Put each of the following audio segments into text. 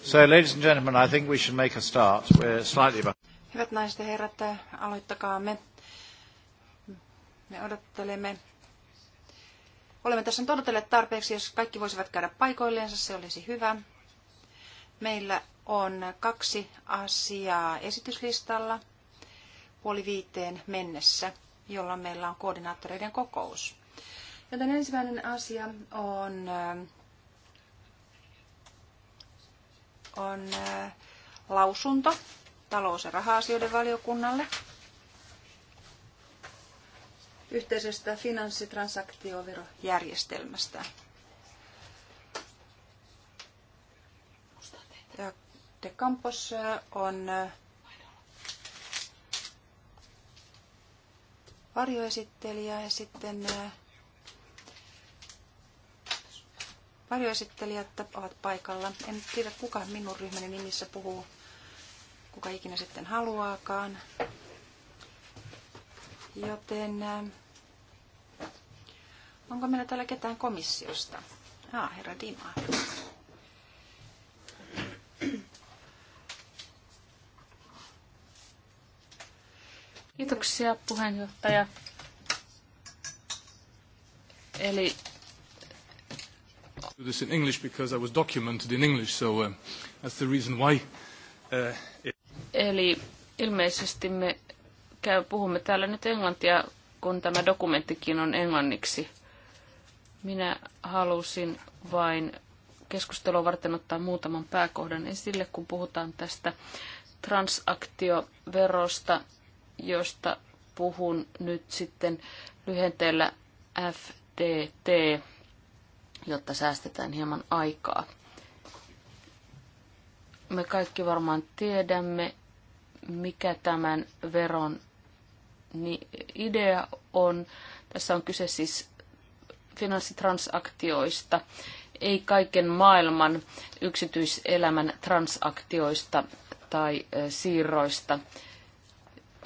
So, ladies and gentlemen, I think we should make a start. We're slightly Hyvät naiset ja herrat, aloittakaamme. Me odottelemme. Olemme tässä nyt odotelleet tarpeeksi, jos kaikki voisivat käydä paikoilleensa, se olisi hyvä. Meillä on kaksi asiaa esityslistalla puoli viiteen mennessä, jolloin meillä on koordinaattoreiden kokous. Joten ensimmäinen asia on on lausunto talous- ja raha-asioiden valiokunnalle yhteisestä finanssitransaktioverojärjestelmästä. Ja De Campos on varjoesittelijä ja sitten varjoesittelijät ovat paikalla. En tiedä, kuka minun ryhmäni nimissä puhuu, kuka ikinä sitten haluaakaan. Joten äh, onko meillä täällä ketään komissiosta? Ah, herra Dima. Kiitoksia puheenjohtaja. Eli do this in English because I was documented in English, so uh, that's the reason why. Uh, it... Eli ilmeisesti me käy, puhumme täällä nyt englantia, kun tämä dokumenttikin on englanniksi. Minä halusin vain keskustelua varten ottaa muutaman pääkohdan esille, kun puhutaan tästä transaktioverosta, josta puhun nyt sitten lyhenteellä FTT jotta säästetään hieman aikaa. Me kaikki varmaan tiedämme, mikä tämän veron idea on. Tässä on kyse siis finanssitransaktioista, ei kaiken maailman yksityiselämän transaktioista tai siirroista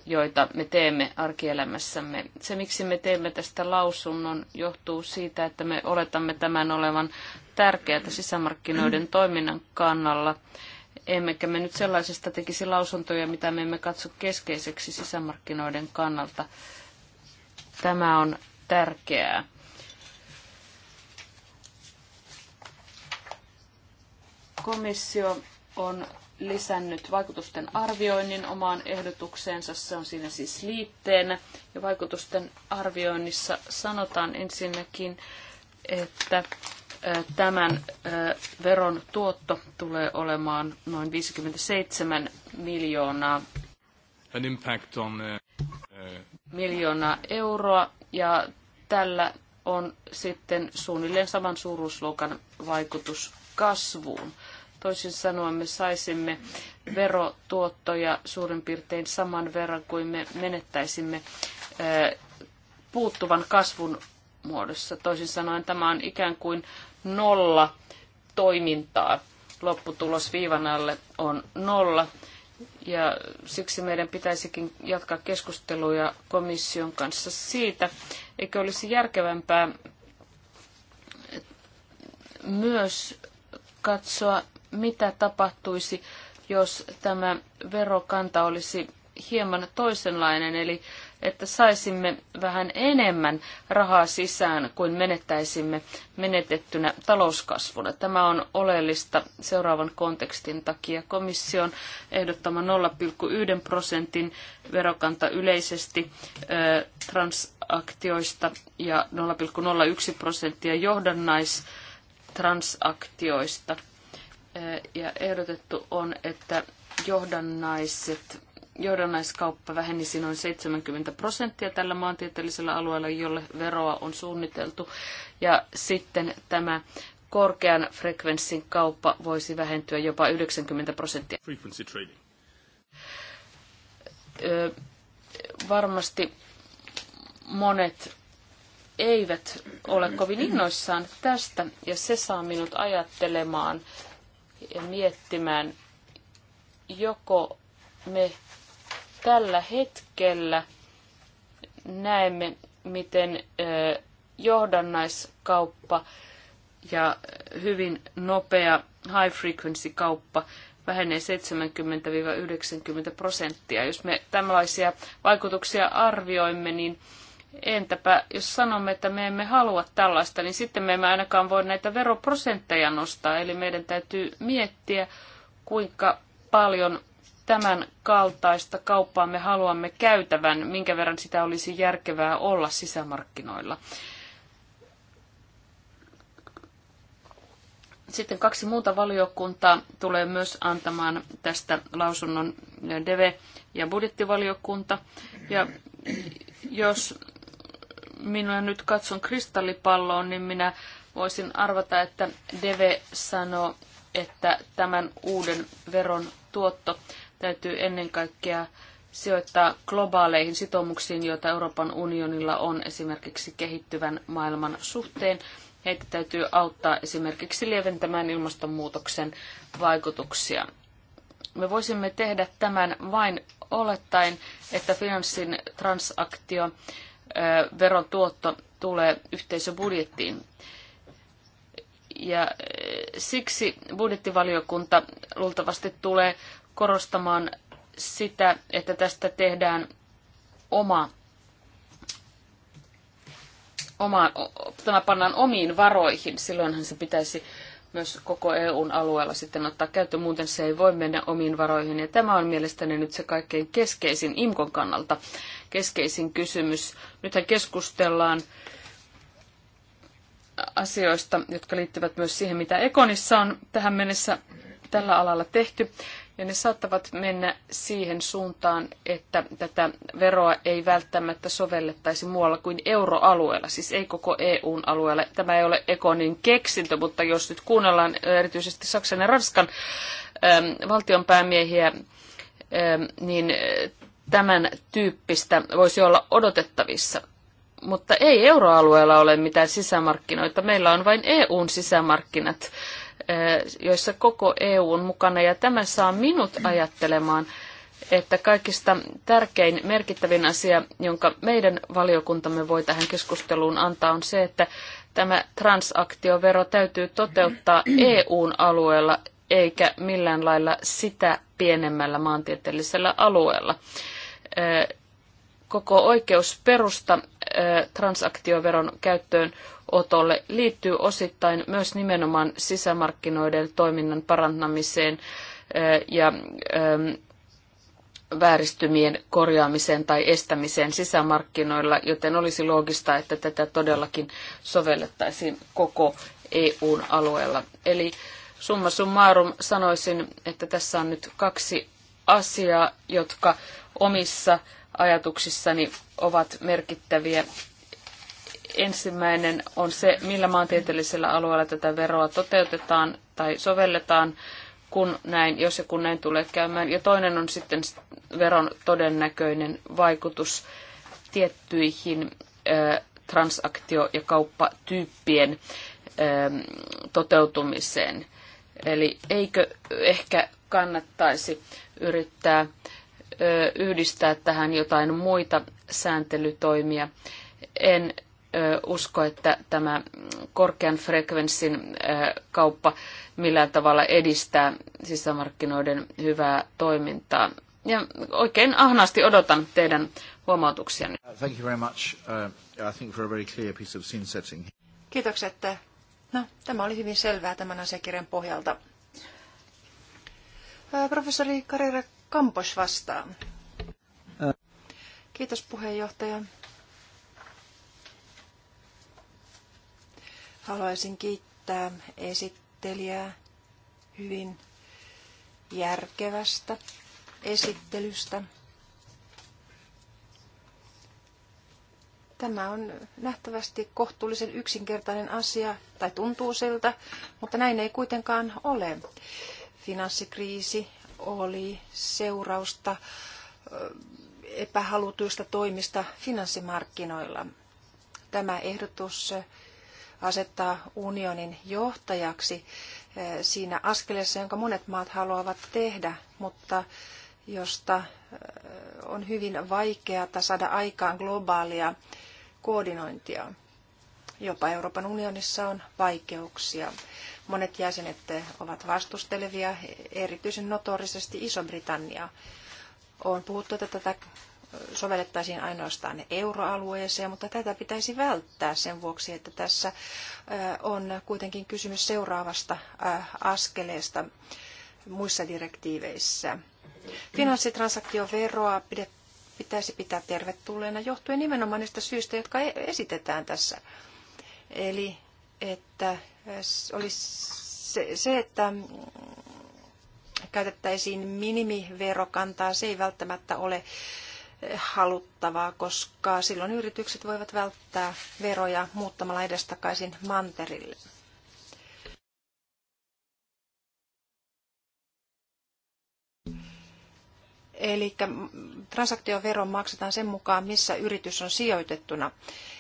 joita me teemme arkielämässämme. Se, miksi me teemme tästä lausunnon, johtuu siitä, että me oletamme tämän olevan tärkeää sisämarkkinoiden toiminnan kannalla. Emmekä me nyt sellaisesta tekisi lausuntoja, mitä me emme katso keskeiseksi sisämarkkinoiden kannalta. Tämä on tärkeää. Komissio on lisännyt vaikutusten arvioinnin omaan ehdotukseensa. Se on siinä siis liitteenä. Ja vaikutusten arvioinnissa sanotaan ensinnäkin, että tämän veron tuotto tulee olemaan noin 57 miljoonaa, An impact on, miljoonaa euroa. Ja tällä on sitten suunnilleen saman suuruusluokan vaikutus kasvuun. Toisin sanoen me saisimme verotuottoja suurin piirtein saman verran kuin me menettäisimme puuttuvan kasvun muodossa. Toisin sanoen tämä on ikään kuin nolla toimintaa. Lopputulos viivan alle on nolla. Ja siksi meidän pitäisikin jatkaa keskusteluja komission kanssa siitä, eikö olisi järkevämpää myös katsoa mitä tapahtuisi, jos tämä verokanta olisi hieman toisenlainen, eli että saisimme vähän enemmän rahaa sisään kuin menettäisimme menetettynä talouskasvuna. Tämä on oleellista seuraavan kontekstin takia. Komission ehdottama 0,1 prosentin verokanta yleisesti ö, transaktioista ja 0,01 prosenttia johdannaistransaktioista – ja ehdotettu on, että johdannaiset, johdannaiskauppa vähenisi noin 70 prosenttia tällä maantieteellisellä alueella, jolle veroa on suunniteltu. Ja sitten tämä korkean frekvenssin kauppa voisi vähentyä jopa 90 prosenttia. Ö, varmasti monet eivät ole kovin innoissaan tästä, ja se saa minut ajattelemaan – ja miettimään, joko me tällä hetkellä näemme, miten johdannaiskauppa ja hyvin nopea high frequency kauppa vähenee 70-90 prosenttia. Jos me tällaisia vaikutuksia arvioimme, niin Entäpä jos sanomme, että me emme halua tällaista, niin sitten me emme ainakaan voi näitä veroprosentteja nostaa. Eli meidän täytyy miettiä, kuinka paljon tämän kaltaista kauppaa me haluamme käytävän, minkä verran sitä olisi järkevää olla sisämarkkinoilla. Sitten kaksi muuta valiokuntaa tulee myös antamaan tästä lausunnon DEVE ja budjettivaliokunta. Ja jos minä nyt katson kristallipalloon, niin minä voisin arvata, että Deve sanoo, että tämän uuden veron tuotto täytyy ennen kaikkea sijoittaa globaaleihin sitoumuksiin, joita Euroopan unionilla on esimerkiksi kehittyvän maailman suhteen. Heitä täytyy auttaa esimerkiksi lieventämään ilmastonmuutoksen vaikutuksia. Me voisimme tehdä tämän vain olettaen, että finanssin transaktio veron tuotto tulee yhteisöbudjettiin. Ja siksi budjettivaliokunta luultavasti tulee korostamaan sitä, että tästä tehdään oma, oma tämä pannaan omiin varoihin. Silloinhan se pitäisi myös koko EUn alueella sitten ottaa käyttöön, muuten se ei voi mennä omiin varoihin. Ja tämä on mielestäni nyt se kaikkein keskeisin IMKon kannalta keskeisin kysymys. Nythän keskustellaan asioista, jotka liittyvät myös siihen, mitä Ekonissa on tähän mennessä tällä alalla tehty. Ja ne saattavat mennä siihen suuntaan, että tätä veroa ei välttämättä sovellettaisi muualla kuin euroalueella, siis ei koko EUn alueella. Tämä ei ole Ekonin keksintö, mutta jos nyt kuunnellaan erityisesti Saksan ja Ranskan äm, valtionpäämiehiä, niin tämän tyyppistä voisi olla odotettavissa mutta ei euroalueella ole mitään sisämarkkinoita. Meillä on vain EUn sisämarkkinat. Eh, joissa koko EU on mukana. Ja tämä saa minut ajattelemaan, että kaikista tärkein, merkittävin asia, jonka meidän valiokuntamme voi tähän keskusteluun antaa, on se, että tämä transaktiovero täytyy toteuttaa EUn alueella eikä millään lailla sitä pienemmällä maantieteellisellä alueella. Eh, koko oikeusperusta eh, transaktioveron käyttöön otolle liittyy osittain myös nimenomaan sisämarkkinoiden toiminnan parantamiseen eh, ja vääristymien korjaamiseen tai estämiseen sisämarkkinoilla, joten olisi loogista, että tätä todellakin sovellettaisiin koko EUn alueella. Eli summa summarum sanoisin, että tässä on nyt kaksi asiaa, jotka omissa ajatuksissani ovat merkittäviä Ensimmäinen on se, millä maantieteellisellä alueella tätä veroa toteutetaan tai sovelletaan, kun näin, jos ja kun näin tulee käymään. Ja toinen on sitten veron todennäköinen vaikutus tiettyihin transaktio- ja kauppatyyppien toteutumiseen. Eli eikö ehkä kannattaisi yrittää yhdistää tähän jotain muita sääntelytoimia. En usko, että tämä korkean frekvenssin kauppa millään tavalla edistää sisämarkkinoiden hyvää toimintaa. Ja oikein ahnaasti odotan teidän huomautuksianne. Uh, thank you very much. Uh, I think for a very clear piece of scene setting. Kiitokset. No, tämä oli hyvin selvää tämän asiakirjan pohjalta. Uh, professori Karira Kampos vastaa. Kiitos puheenjohtaja. Haluaisin kiittää esittelijää hyvin järkevästä esittelystä. Tämä on nähtävästi kohtuullisen yksinkertainen asia, tai tuntuu siltä, mutta näin ei kuitenkaan ole. Finanssikriisi oli seurausta epähalutuista toimista finanssimarkkinoilla. Tämä ehdotus asettaa unionin johtajaksi eh, siinä askeleessa, jonka monet maat haluavat tehdä, mutta josta eh, on hyvin vaikeaa saada aikaan globaalia koordinointia. Jopa Euroopan unionissa on vaikeuksia. Monet jäsenet eh, ovat vastustelevia, erityisen notorisesti Iso-Britannia. On puhuttu, että tätä sovellettaisiin ainoastaan euroalueeseen, mutta tätä pitäisi välttää sen vuoksi, että tässä on kuitenkin kysymys seuraavasta askeleesta muissa direktiiveissä. Finanssitransaktioveroa pitäisi pitää tervetulleena johtuen nimenomaan niistä syistä, jotka e, esitetään tässä. Eli että olisi se, se että mm, käytettäisiin minimiverokantaa, se ei välttämättä ole haluttavaa, koska silloin yritykset voivat välttää veroja muuttamalla edestakaisin manterille. Eli transaktiovero maksetaan sen mukaan, missä yritys on sijoitettuna,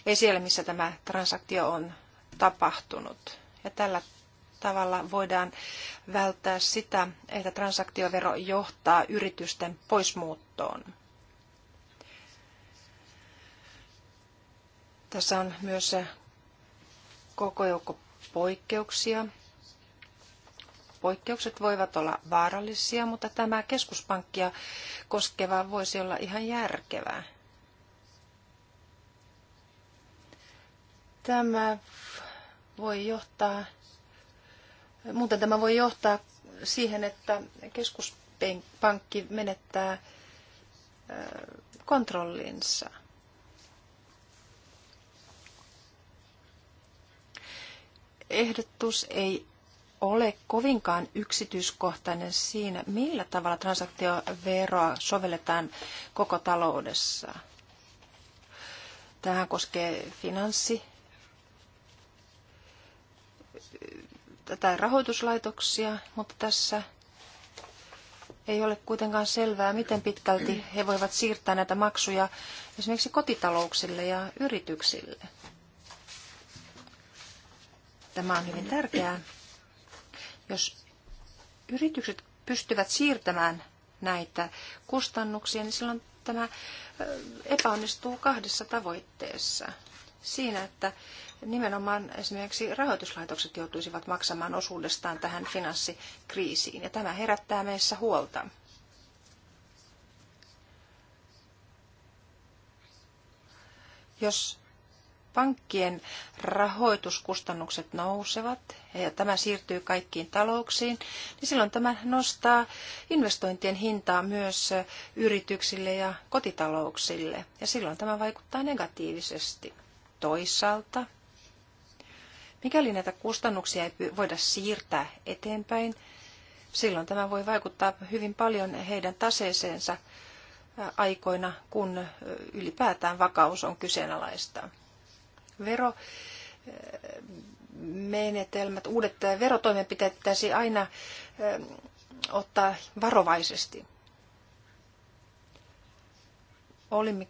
ei siellä, missä tämä transaktio on tapahtunut. Ja tällä tavalla voidaan välttää sitä, että transaktiovero johtaa yritysten poismuuttoon. Tässä on myös koko joukko poikkeuksia. Poikkeukset voivat olla vaarallisia, mutta tämä keskuspankkia koskeva voisi olla ihan järkevää. Tämä voi johtaa, muuten tämä voi johtaa siihen, että keskuspankki menettää kontrollinsa. ehdotus ei ole kovinkaan yksityiskohtainen siinä, millä tavalla transaktioveroa sovelletaan koko taloudessa. Tähän koskee finanssi tai rahoituslaitoksia, mutta tässä ei ole kuitenkaan selvää, miten pitkälti he voivat siirtää näitä maksuja esimerkiksi kotitalouksille ja yrityksille. Tämä on hyvin tärkeää. Jos yritykset pystyvät siirtämään näitä kustannuksia, niin silloin tämä epäonnistuu kahdessa tavoitteessa. Siinä, että nimenomaan esimerkiksi rahoituslaitokset joutuisivat maksamaan osuudestaan tähän finanssikriisiin, ja tämä herättää meissä huolta. Jos pankkien rahoituskustannukset nousevat ja tämä siirtyy kaikkiin talouksiin, niin silloin tämä nostaa investointien hintaa myös yrityksille ja kotitalouksille. Ja silloin tämä vaikuttaa negatiivisesti. Toisaalta, mikäli näitä kustannuksia ei voida siirtää eteenpäin, silloin tämä voi vaikuttaa hyvin paljon heidän taseeseensa aikoina, kun ylipäätään vakaus on kyseenalaista vero eh, uudet verotoimenpiteet pitäisi aina eh, ottaa varovaisesti. Olimme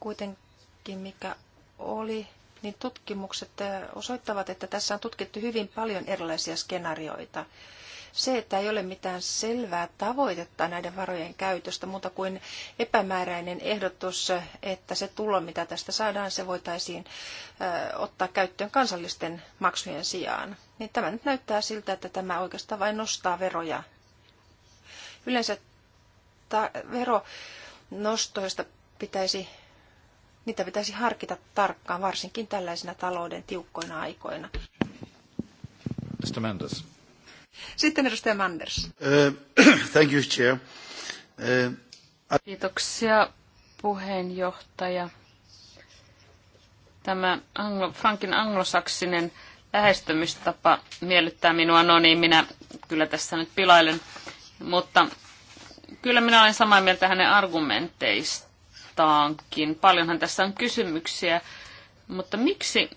kuitenkin, mikä oli, niin tutkimukset eh, osoittavat, että tässä on tutkittu hyvin paljon erilaisia skenaarioita. Se, että ei ole mitään selvää tavoitetta näiden varojen käytöstä, muuta kuin epämääräinen ehdotus, että se tulo, mitä tästä saadaan, se voitaisiin ottaa käyttöön kansallisten maksujen sijaan. Niin tämä nyt näyttää siltä, että tämä oikeastaan vain nostaa veroja. Yleensä ta- veronostoista pitäisi niitä pitäisi harkita tarkkaan, varsinkin tällaisina talouden tiukkoina aikoina. Mr. Mendes. Sitten edustaja Manders. Äh, thank you, chair. Äh, Kiitoksia puheenjohtaja. Tämä anglo, Frankin anglosaksinen lähestymistapa miellyttää minua. No niin, minä kyllä tässä nyt pilailen. Mutta kyllä minä olen samaa mieltä hänen argumenteistaankin. Paljonhan tässä on kysymyksiä. Mutta miksi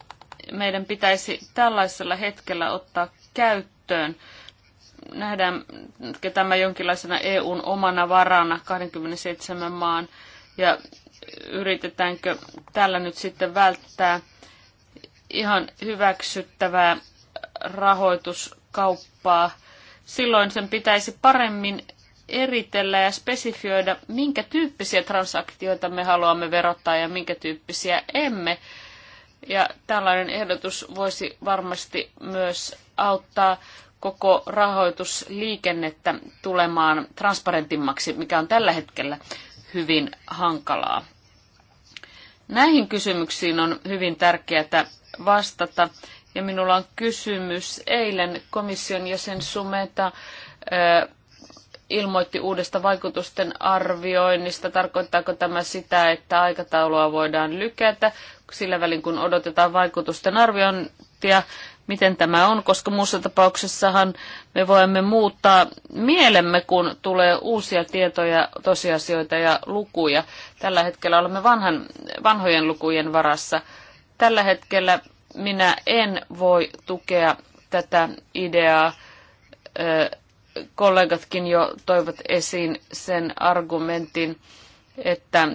meidän pitäisi tällaisella hetkellä ottaa käyttöön nähdään tämä jonkinlaisena EUn omana varana 27 maan ja yritetäänkö tällä nyt sitten välttää ihan hyväksyttävää rahoituskauppaa. Silloin sen pitäisi paremmin eritellä ja spesifioida, minkä tyyppisiä transaktioita me haluamme verottaa ja minkä tyyppisiä emme. Ja tällainen ehdotus voisi varmasti myös auttaa koko rahoitusliikennettä tulemaan transparentimmaksi, mikä on tällä hetkellä hyvin hankalaa. Näihin kysymyksiin on hyvin tärkeää vastata. Ja minulla on kysymys. Eilen komission jäsen Sumeta ilmoitti uudesta vaikutusten arvioinnista. Tarkoittaako tämä sitä, että aikataulua voidaan lykätä sillä välin, kun odotetaan vaikutusten arviointia? miten tämä on, koska muussa tapauksessahan me voimme muuttaa mielemme, kun tulee uusia tietoja, tosiasioita ja lukuja. Tällä hetkellä olemme vanhan, vanhojen lukujen varassa. Tällä hetkellä minä en voi tukea tätä ideaa. Kollegatkin jo toivat esiin sen argumentin että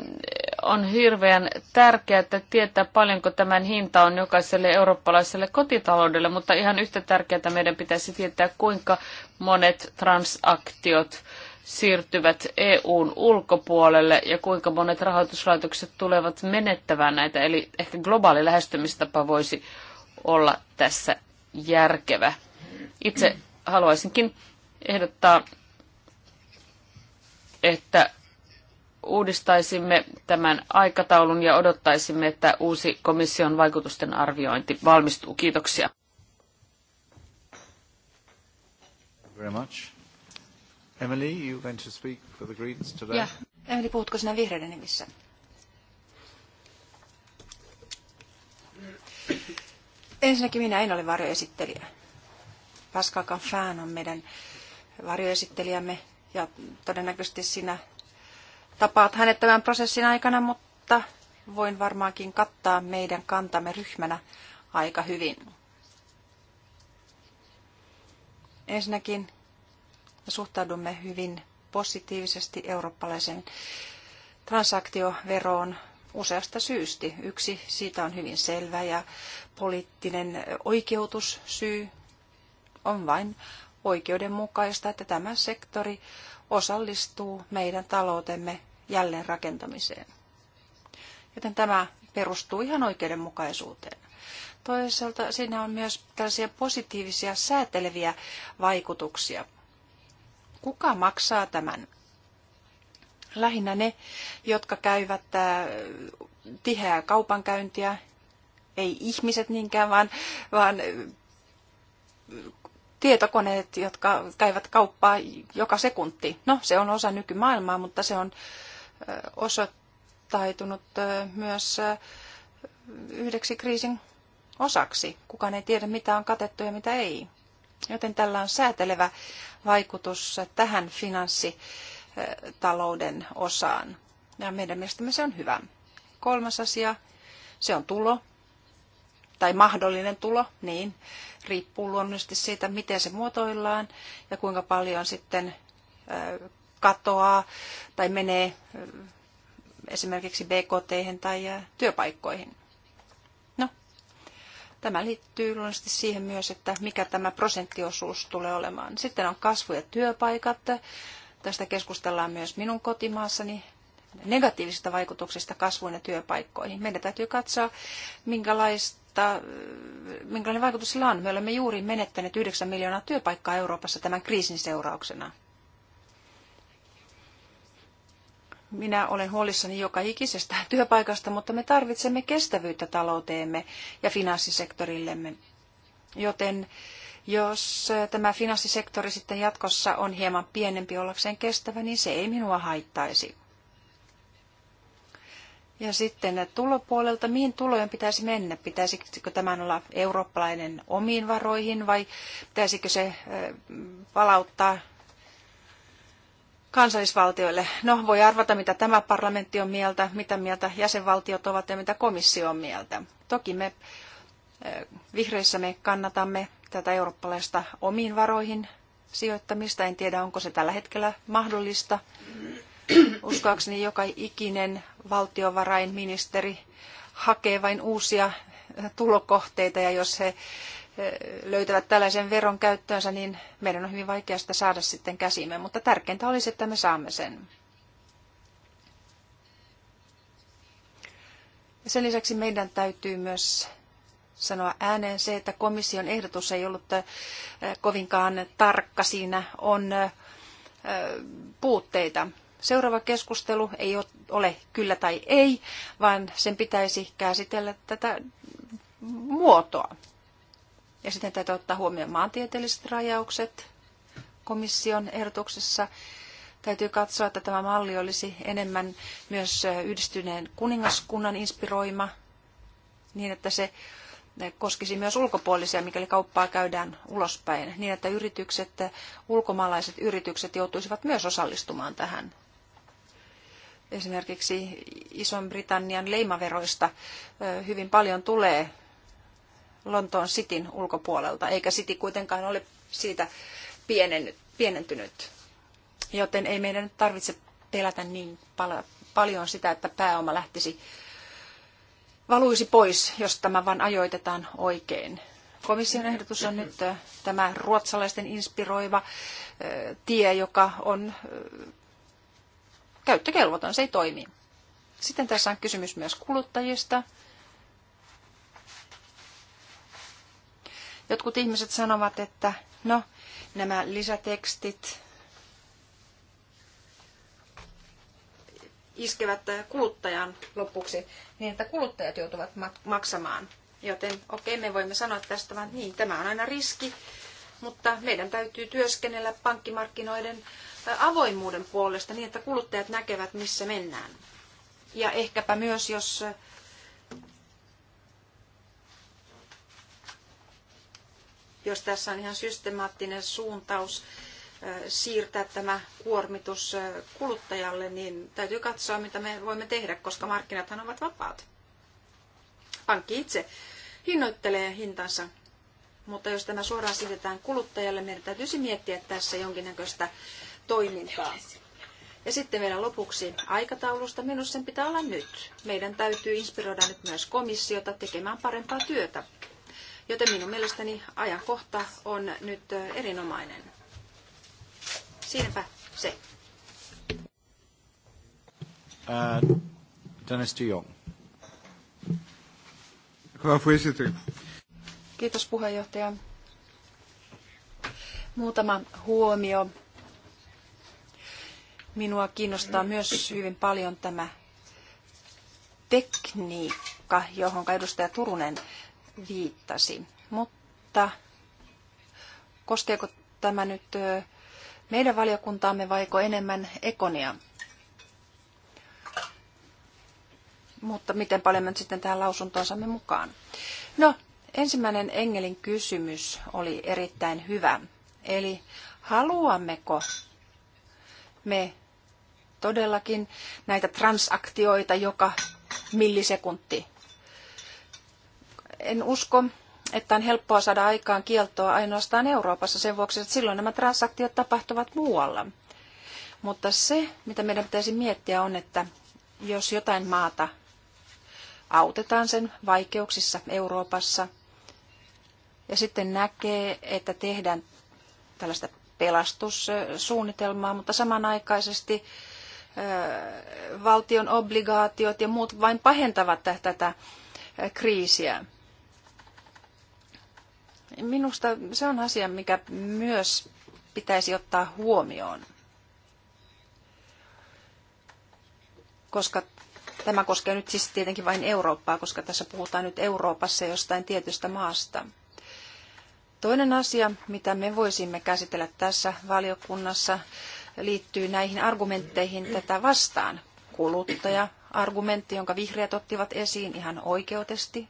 on hirveän tärkeää, että tietää paljonko tämän hinta on jokaiselle eurooppalaiselle kotitaloudelle, mutta ihan yhtä tärkeää meidän pitäisi tietää, kuinka monet transaktiot siirtyvät EUn ulkopuolelle ja kuinka monet rahoituslaitokset tulevat menettämään näitä. Eli ehkä globaali lähestymistapa voisi olla tässä järkevä. Itse haluaisinkin ehdottaa, että uudistaisimme tämän aikataulun ja odottaisimme, että uusi komission vaikutusten arviointi valmistuu. Kiitoksia. Very much. Emily, you going to speak for the Greens today? Yeah. Emily, puhutko sinä vihreiden nimissä? Ensinnäkin minä en ole varjoesittelijä. Pascal Canfan on meidän varjoesittelijämme ja todennäköisesti sinä tapaat hänet tämän prosessin aikana, mutta voin varmaankin kattaa meidän kantamme ryhmänä aika hyvin. Ensinnäkin me suhtaudumme hyvin positiivisesti eurooppalaisen transaktioveroon useasta syystä. Yksi siitä on hyvin selvä ja poliittinen oikeutussyy on vain oikeudenmukaista, että tämä sektori osallistuu meidän taloutemme jälleenrakentamiseen. Joten tämä perustuu ihan oikeudenmukaisuuteen. Toisaalta siinä on myös tällaisia positiivisia sääteleviä vaikutuksia. Kuka maksaa tämän? Lähinnä ne, jotka käyvät tiheää kaupankäyntiä, ei ihmiset niinkään, vaan, vaan tietokoneet, jotka käyvät kauppaa joka sekunti. No, se on osa nykymaailmaa, mutta se on osoittautunut myös yhdeksi kriisin osaksi. Kukaan ei tiedä, mitä on katettu ja mitä ei. Joten tällä on säätelevä vaikutus tähän finanssitalouden osaan. Ja meidän mielestämme se on hyvä. Kolmas asia, se on tulo, tai mahdollinen tulo, niin riippuu luonnollisesti siitä, miten se muotoillaan ja kuinka paljon sitten katoaa tai menee esimerkiksi BKT tai työpaikkoihin. No, tämä liittyy luonnollisesti siihen myös, että mikä tämä prosenttiosuus tulee olemaan. Sitten on kasvu- ja työpaikat. Tästä keskustellaan myös minun kotimaassani negatiivisista vaikutuksista kasvuun ja työpaikkoihin. Meidän täytyy katsoa, minkälaista mutta äh, minkälainen vaikutus sillä on? Me olemme juuri menettäneet 9 miljoonaa työpaikkaa Euroopassa tämän kriisin seurauksena. Minä olen huolissani joka ikisestä työpaikasta, mutta me tarvitsemme kestävyyttä talouteemme ja finanssisektorillemme. Joten jos äh, tämä finanssisektori sitten jatkossa on hieman pienempi ollakseen kestävä, niin se ei minua haittaisi. Ja sitten tulopuolelta, mihin tulojen pitäisi mennä? Pitäisikö tämän olla eurooppalainen omiin varoihin vai pitäisikö se palauttaa kansallisvaltioille? No, voi arvata, mitä tämä parlamentti on mieltä, mitä mieltä jäsenvaltiot ovat ja mitä komissio on mieltä. Toki me vihreissä me kannatamme tätä eurooppalaista omiin varoihin sijoittamista. En tiedä, onko se tällä hetkellä mahdollista. Uskoakseni joka ikinen valtiovarainministeri hakee vain uusia tulokohteita ja jos he eh, löytävät tällaisen veron käyttöönsä, niin meidän on hyvin vaikea sitä saada sitten käsimme, mutta tärkeintä olisi, että me saamme sen. Sen lisäksi meidän täytyy myös sanoa ääneen se, että komission ehdotus ei ollut eh, kovinkaan tarkka. Siinä on eh, puutteita. Seuraava keskustelu ei ole kyllä tai ei, vaan sen pitäisi käsitellä tätä muotoa. Ja sitten täytyy ottaa huomioon maantieteelliset rajaukset komission ehdotuksessa. Täytyy katsoa, että tämä malli olisi enemmän myös yhdistyneen kuningaskunnan inspiroima, niin että se koskisi myös ulkopuolisia, mikäli kauppaa käydään ulospäin, niin että yritykset, ulkomaalaiset yritykset joutuisivat myös osallistumaan tähän esimerkiksi Ison-Britannian leimaveroista hyvin paljon tulee Lontoon Cityn ulkopuolelta, eikä City kuitenkaan ole siitä pienentynyt. Joten ei meidän tarvitse pelätä niin paljon sitä, että pääoma lähtisi valuisi pois, jos tämä vain ajoitetaan oikein. Komission ehdotus on nyt tämä ruotsalaisten inspiroiva tie, joka on käyttökelvoton, se ei toimi. Sitten tässä on kysymys myös kuluttajista. Jotkut ihmiset sanovat, että no, nämä lisätekstit iskevät kuluttajan lopuksi niin, että kuluttajat joutuvat maksamaan. Joten okei, okay, me voimme sanoa tästä, vaan niin, tämä on aina riski, mutta meidän täytyy työskennellä pankkimarkkinoiden avoimuuden puolesta niin, että kuluttajat näkevät, missä mennään. Ja ehkäpä myös, jos jos tässä on ihan systemaattinen suuntaus siirtää tämä kuormitus kuluttajalle, niin täytyy katsoa, mitä me voimme tehdä, koska markkinathan ovat vapaat. Pankki itse hinnoittelee hintansa, mutta jos tämä suoraan siirretään kuluttajalle, meidän täytyisi miettiä tässä jonkinnäköistä toimintaa. Ja sitten vielä lopuksi aikataulusta. Minusta sen pitää olla nyt. Meidän täytyy inspiroida nyt myös komissiota tekemään parempaa työtä. Joten minun mielestäni ajankohta on nyt erinomainen. Siinäpä se. Uh, Kiitos puheenjohtaja. Muutama huomio Minua kiinnostaa myös hyvin paljon tämä tekniikka, johon edustaja Turunen viittasi. Mutta koskeeko tämä nyt meidän valiokuntaamme vaiko enemmän ekonia? Mutta miten paljon me nyt sitten tähän lausuntoon saamme mukaan? No, ensimmäinen Engelin kysymys oli erittäin hyvä. Eli haluammeko me todellakin näitä transaktioita joka millisekunti. En usko, että on helppoa saada aikaan kieltoa ainoastaan Euroopassa sen vuoksi, että silloin nämä transaktiot tapahtuvat muualla. Mutta se, mitä meidän pitäisi miettiä, on, että jos jotain maata autetaan sen vaikeuksissa Euroopassa ja sitten näkee, että tehdään tällaista pelastussuunnitelmaa, mutta samanaikaisesti valtion obligaatiot ja muut vain pahentavat tätä kriisiä. Minusta se on asia, mikä myös pitäisi ottaa huomioon, koska tämä koskee nyt siis tietenkin vain Eurooppaa, koska tässä puhutaan nyt Euroopassa jostain tietystä maasta. Toinen asia, mitä me voisimme käsitellä tässä valiokunnassa, liittyy näihin argumentteihin tätä vastaan. Kuluttaja, argumentti, jonka vihreät ottivat esiin ihan oikeutesti.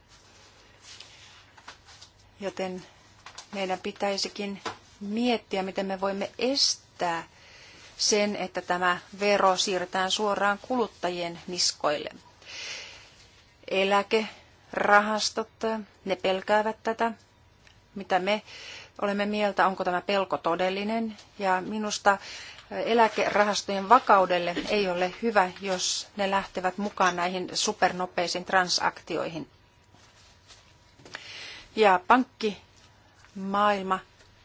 Joten meidän pitäisikin miettiä, miten me voimme estää sen, että tämä vero siirretään suoraan kuluttajien niskoille. Eläkerahastot, ne pelkäävät tätä, mitä me olemme mieltä, onko tämä pelko todellinen. Ja minusta eläkerahastojen vakaudelle ei ole hyvä, jos ne lähtevät mukaan näihin supernopeisiin transaktioihin. Ja pankkimaailma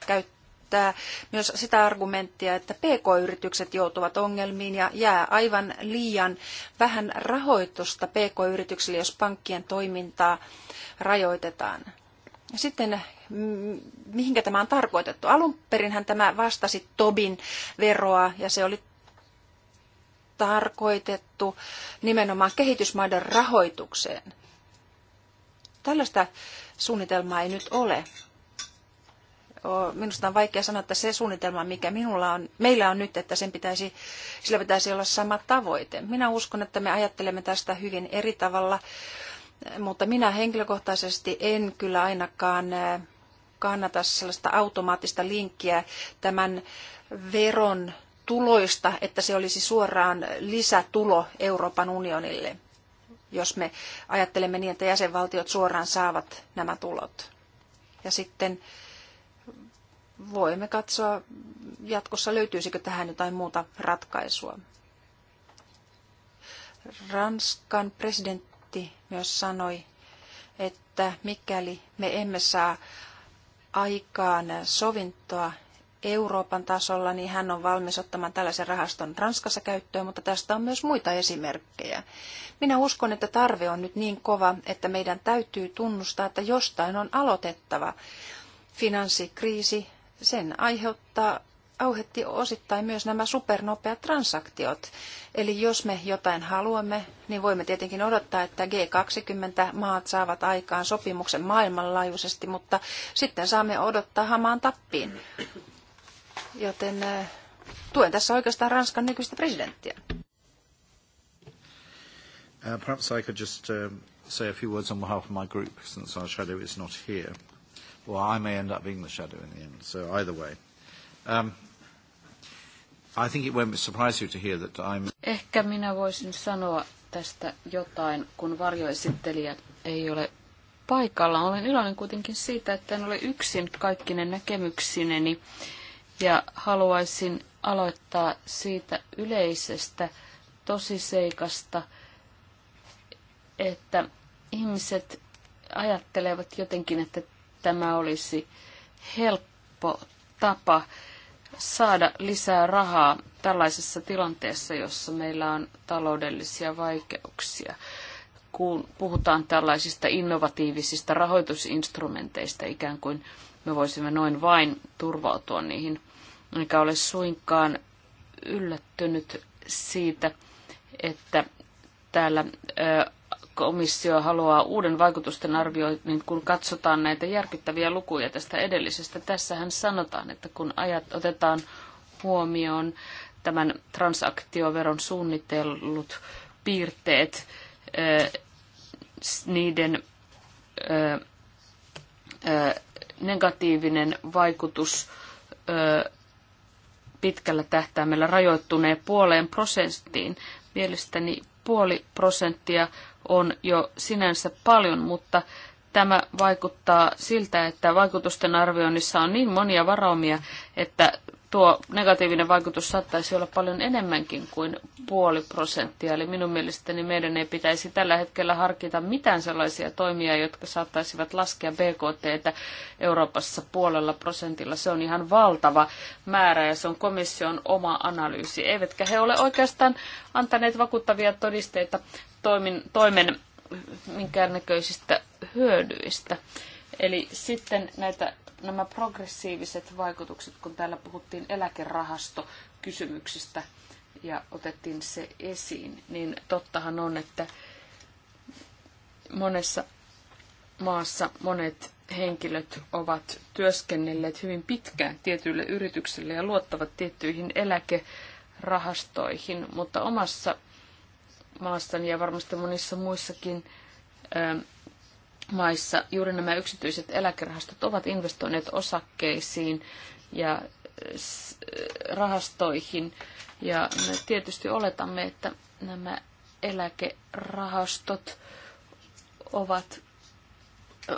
käyttää myös sitä argumenttia, että pk-yritykset joutuvat ongelmiin ja jää aivan liian vähän rahoitusta pk-yrityksille, jos pankkien toimintaa rajoitetaan. Sitten mm, mihinkä tämä on tarkoitettu? Alun perinhän tämä vastasi Tobin veroa ja se oli tarkoitettu nimenomaan kehitysmaiden rahoitukseen. Tällaista suunnitelmaa ei nyt ole. Minusta on vaikea sanoa, että se suunnitelma, mikä minulla on, meillä on nyt, että sen pitäisi, sillä pitäisi olla sama tavoite. Minä uskon, että me ajattelemme tästä hyvin eri tavalla mutta minä henkilökohtaisesti en kyllä ainakaan kannata sellaista automaattista linkkiä tämän veron tuloista, että se olisi suoraan lisätulo Euroopan unionille, jos me ajattelemme niin, että jäsenvaltiot suoraan saavat nämä tulot. Ja sitten voimme katsoa jatkossa, löytyisikö tähän jotain muuta ratkaisua. Ranskan presidentti presidentti myös sanoi, että mikäli me emme saa aikaan sovintoa Euroopan tasolla, niin hän on valmis ottamaan tällaisen rahaston Ranskassa käyttöön, mutta tästä on myös muita esimerkkejä. Minä uskon, että tarve on nyt niin kova, että meidän täytyy tunnustaa, että jostain on aloitettava. Finanssikriisi, sen aiheuttaa auhetti osittain myös nämä supernopeat transaktiot. Eli jos me jotain haluamme, niin voimme tietenkin odottaa, että G20-maat saavat aikaan sopimuksen maailmanlaajuisesti, mutta sitten saamme odottaa hamaan tappiin. Joten eh, tuen tässä oikeastaan Ranskan nykyistä presidenttiä. Uh, perhaps I could just uh, say a few words on behalf of my group, since our shadow is not here. Or I may end up being the shadow in the end, so either way. Um, I think it won't surprise you to hear that I'm... Ehkä minä voisin sanoa tästä jotain, kun varjoesittelijä ei ole paikalla. Olen iloinen kuitenkin siitä, että en ole yksin kaikkinen näkemyksineni ja haluaisin aloittaa siitä yleisestä tosiseikasta, että ihmiset ajattelevat jotenkin, että tämä olisi helppo tapa saada lisää rahaa tällaisessa tilanteessa, jossa meillä on taloudellisia vaikeuksia? Kun puhutaan tällaisista innovatiivisista rahoitusinstrumenteista, ikään kuin me voisimme noin vain turvautua niihin, mikä ole suinkaan yllättynyt siitä, että täällä komissio haluaa uuden vaikutusten arvioinnin, kun katsotaan näitä järkyttäviä lukuja tästä edellisestä. Tässähän sanotaan, että kun ajat otetaan huomioon tämän transaktioveron suunnitellut piirteet, niiden negatiivinen vaikutus pitkällä tähtäimellä rajoittunee puoleen prosenttiin. Mielestäni puoli prosenttia on jo sinänsä paljon, mutta tämä vaikuttaa siltä, että vaikutusten arvioinnissa on niin monia varaumia, että tuo negatiivinen vaikutus saattaisi olla paljon enemmänkin kuin puoli prosenttia. Eli minun mielestäni meidän ei pitäisi tällä hetkellä harkita mitään sellaisia toimia, jotka saattaisivat laskea BKT Euroopassa puolella prosentilla. Se on ihan valtava määrä ja se on komission oma analyysi. Eivätkä he ole oikeastaan antaneet vakuuttavia todisteita toimin, toimen minkäännäköisistä hyödyistä. Eli sitten näitä, nämä progressiiviset vaikutukset, kun täällä puhuttiin eläkerahastokysymyksistä ja otettiin se esiin, niin tottahan on, että monessa maassa monet henkilöt ovat työskennelleet hyvin pitkään tietyille yrityksille ja luottavat tiettyihin eläkerahastoihin, mutta omassa maassani ja varmasti monissa muissakin ähm, maissa juuri nämä yksityiset eläkerahastot ovat investoineet osakkeisiin ja rahastoihin. Ja me tietysti oletamme, että nämä eläkerahastot ovat,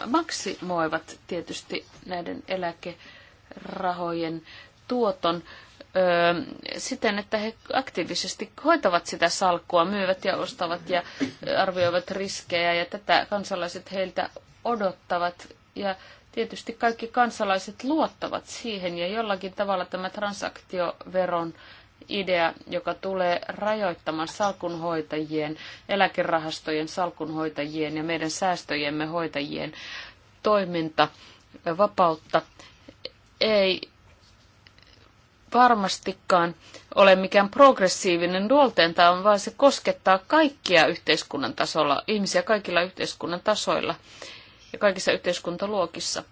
maksimoivat tietysti näiden eläkerahojen tuoton siten, että he aktiivisesti hoitavat sitä salkkua, myyvät ja ostavat ja arvioivat riskejä ja tätä kansalaiset heiltä odottavat. Ja tietysti kaikki kansalaiset luottavat siihen ja jollakin tavalla tämä transaktioveron idea, joka tulee rajoittamaan salkunhoitajien, eläkerahastojen salkunhoitajien ja meidän säästöjemme hoitajien toimintavapautta, ei varmastikaan ole mikään progressiivinen on vaan se koskettaa kaikkia yhteiskunnan tasolla, ihmisiä kaikilla yhteiskunnan tasoilla ja kaikissa yhteiskuntaluokissa.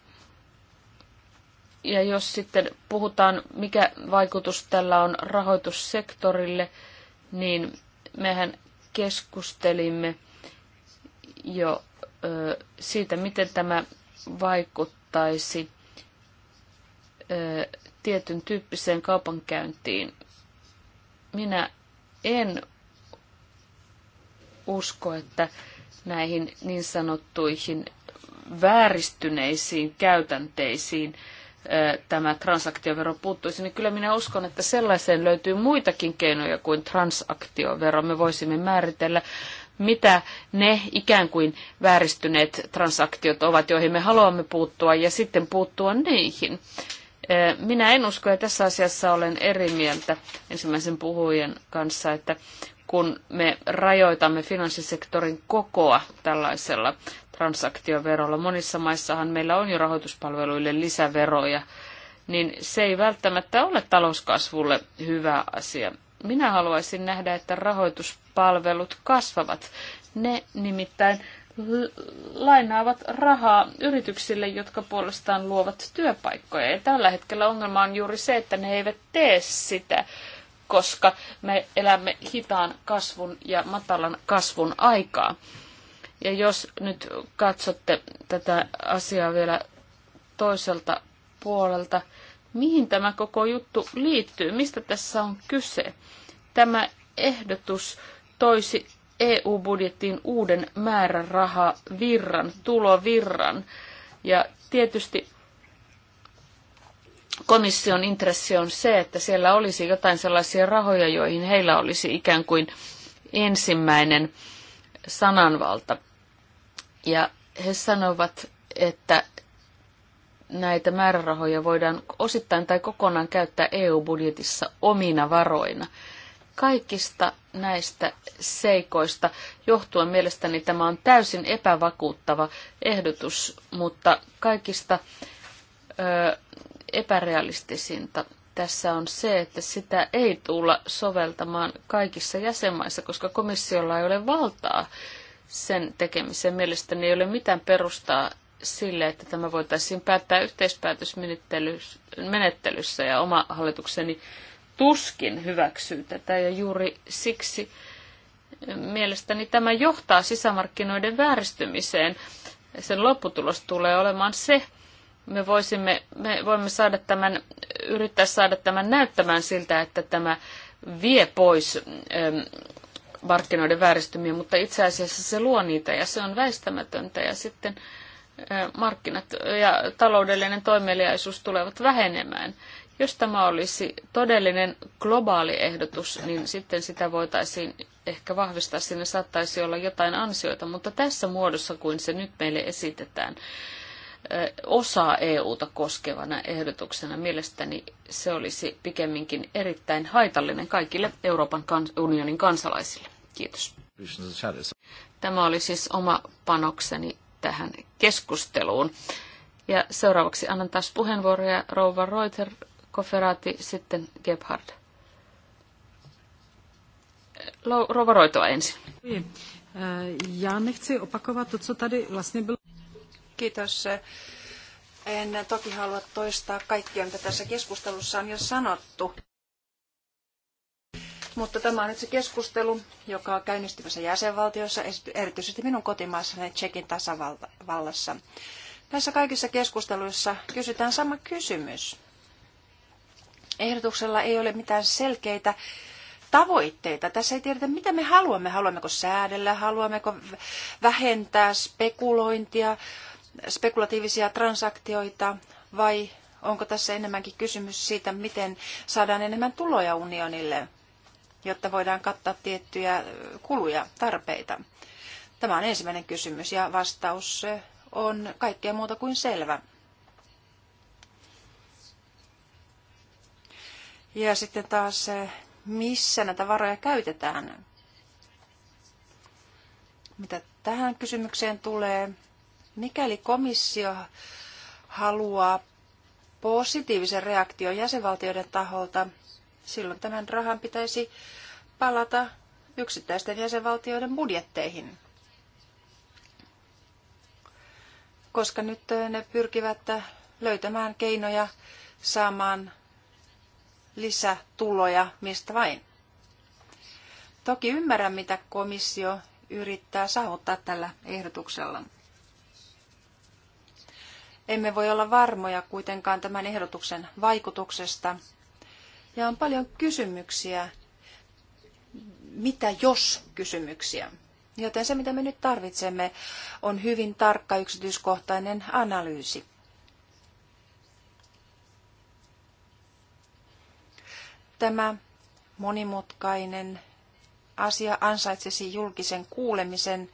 Ja jos sitten puhutaan, mikä vaikutus tällä on rahoitussektorille, niin mehän keskustelimme jo ö, siitä, miten tämä vaikuttaisi ö, tietyn tyyppiseen kaupankäyntiin. Minä en usko, että näihin niin sanottuihin vääristyneisiin käytänteisiin tämä transaktiovero puuttuisi, niin kyllä minä uskon, että sellaiseen löytyy muitakin keinoja kuin transaktiovero. Me voisimme määritellä, mitä ne ikään kuin vääristyneet transaktiot ovat, joihin me haluamme puuttua, ja sitten puuttua niihin. Eh, minä en usko, ja tässä asiassa olen eri mieltä ensimmäisen puhujen kanssa, että kun me rajoitamme finanssisektorin kokoa tällaisella transaktioverolla, monissa maissahan meillä on jo rahoituspalveluille lisäveroja, niin se ei välttämättä ole talouskasvulle hyvä asia. Minä haluaisin nähdä, että rahoituspalvelut kasvavat. Ne nimittäin lainaavat rahaa yrityksille, jotka puolestaan luovat työpaikkoja. Ja tällä hetkellä ongelma on juuri se, että ne eivät tee sitä, koska me elämme hitaan kasvun ja matalan kasvun aikaa. Ja jos nyt katsotte tätä asiaa vielä toiselta puolelta, mihin tämä koko juttu liittyy, mistä tässä on kyse? Tämä ehdotus toisi EU-budjettiin uuden määrärahavirran, tulovirran. Ja tietysti komission intressi on se, että siellä olisi jotain sellaisia rahoja, joihin heillä olisi ikään kuin ensimmäinen sananvalta. Ja he sanovat, että näitä määrärahoja voidaan osittain tai kokonaan käyttää EU-budjetissa omina varoina. Kaikista näistä seikoista johtuen mielestäni tämä on täysin epävakuuttava ehdotus, mutta kaikista ö, epärealistisinta tässä on se, että sitä ei tulla soveltamaan kaikissa jäsenmaissa, koska komissiolla ei ole valtaa sen tekemiseen. Mielestäni ei ole mitään perustaa sille, että tämä voitaisiin päättää yhteispäätösmenettelyssä ja oma hallitukseni tuskin hyväksyy tätä ja juuri siksi mielestäni tämä johtaa sisämarkkinoiden vääristymiseen. Sen lopputulos tulee olemaan se, me, voisimme, me voimme saada tämän, yrittää saada tämän näyttämään siltä, että tämä vie pois markkinoiden vääristymiä, mutta itse asiassa se luo niitä ja se on väistämätöntä ja sitten markkinat ja taloudellinen toimeliaisuus tulevat vähenemään. Jos tämä olisi todellinen globaali ehdotus, niin sitten sitä voitaisiin ehkä vahvistaa. Siinä saattaisi olla jotain ansioita, mutta tässä muodossa, kuin se nyt meille esitetään, osa EUta koskevana ehdotuksena. Mielestäni se olisi pikemminkin erittäin haitallinen kaikille Euroopan unionin kansalaisille. Kiitos. Tämä oli siis oma panokseni tähän keskusteluun. Ja seuraavaksi annan taas puheenvuoroja rouva Reuter Koferati sitten Gebhard. Rouva Roitoa ensin. Já nechci opakovat to, co tady vlastně bylo. Kiitos. En toki halua toistaa kaikkia, mitä tässä keskustelussa on jo sanottu. Mutta tämä on nyt se keskustelu, joka on käynnistymässä jäsenvaltioissa, erityisesti minun kotimaassani Tsekin tasavallassa. Näissä kaikissa keskusteluissa kysytään sama kysymys ehdotuksella ei ole mitään selkeitä tavoitteita. Tässä ei tiedetä, mitä me haluamme. Haluammeko säädellä, haluammeko vähentää spekulointia, spekulatiivisia transaktioita vai onko tässä enemmänkin kysymys siitä, miten saadaan enemmän tuloja unionille, jotta voidaan kattaa tiettyjä kuluja, tarpeita? Tämä on ensimmäinen kysymys ja vastaus on kaikkea muuta kuin selvä. Ja sitten taas se, missä näitä varoja käytetään. Mitä tähän kysymykseen tulee, mikäli komissio haluaa positiivisen reaktion jäsenvaltioiden taholta, silloin tämän rahan pitäisi palata yksittäisten jäsenvaltioiden budjetteihin. Koska nyt ne pyrkivät löytämään keinoja saamaan lisätuloja mistä vain. Toki ymmärrän, mitä komissio yrittää saavuttaa tällä ehdotuksella. Emme voi olla varmoja kuitenkaan tämän ehdotuksen vaikutuksesta. Ja on paljon kysymyksiä, mitä jos kysymyksiä. Joten se, mitä me nyt tarvitsemme, on hyvin tarkka yksityiskohtainen analyysi. Tämä monimutkainen asia ansaitsisi julkisen kuulemisen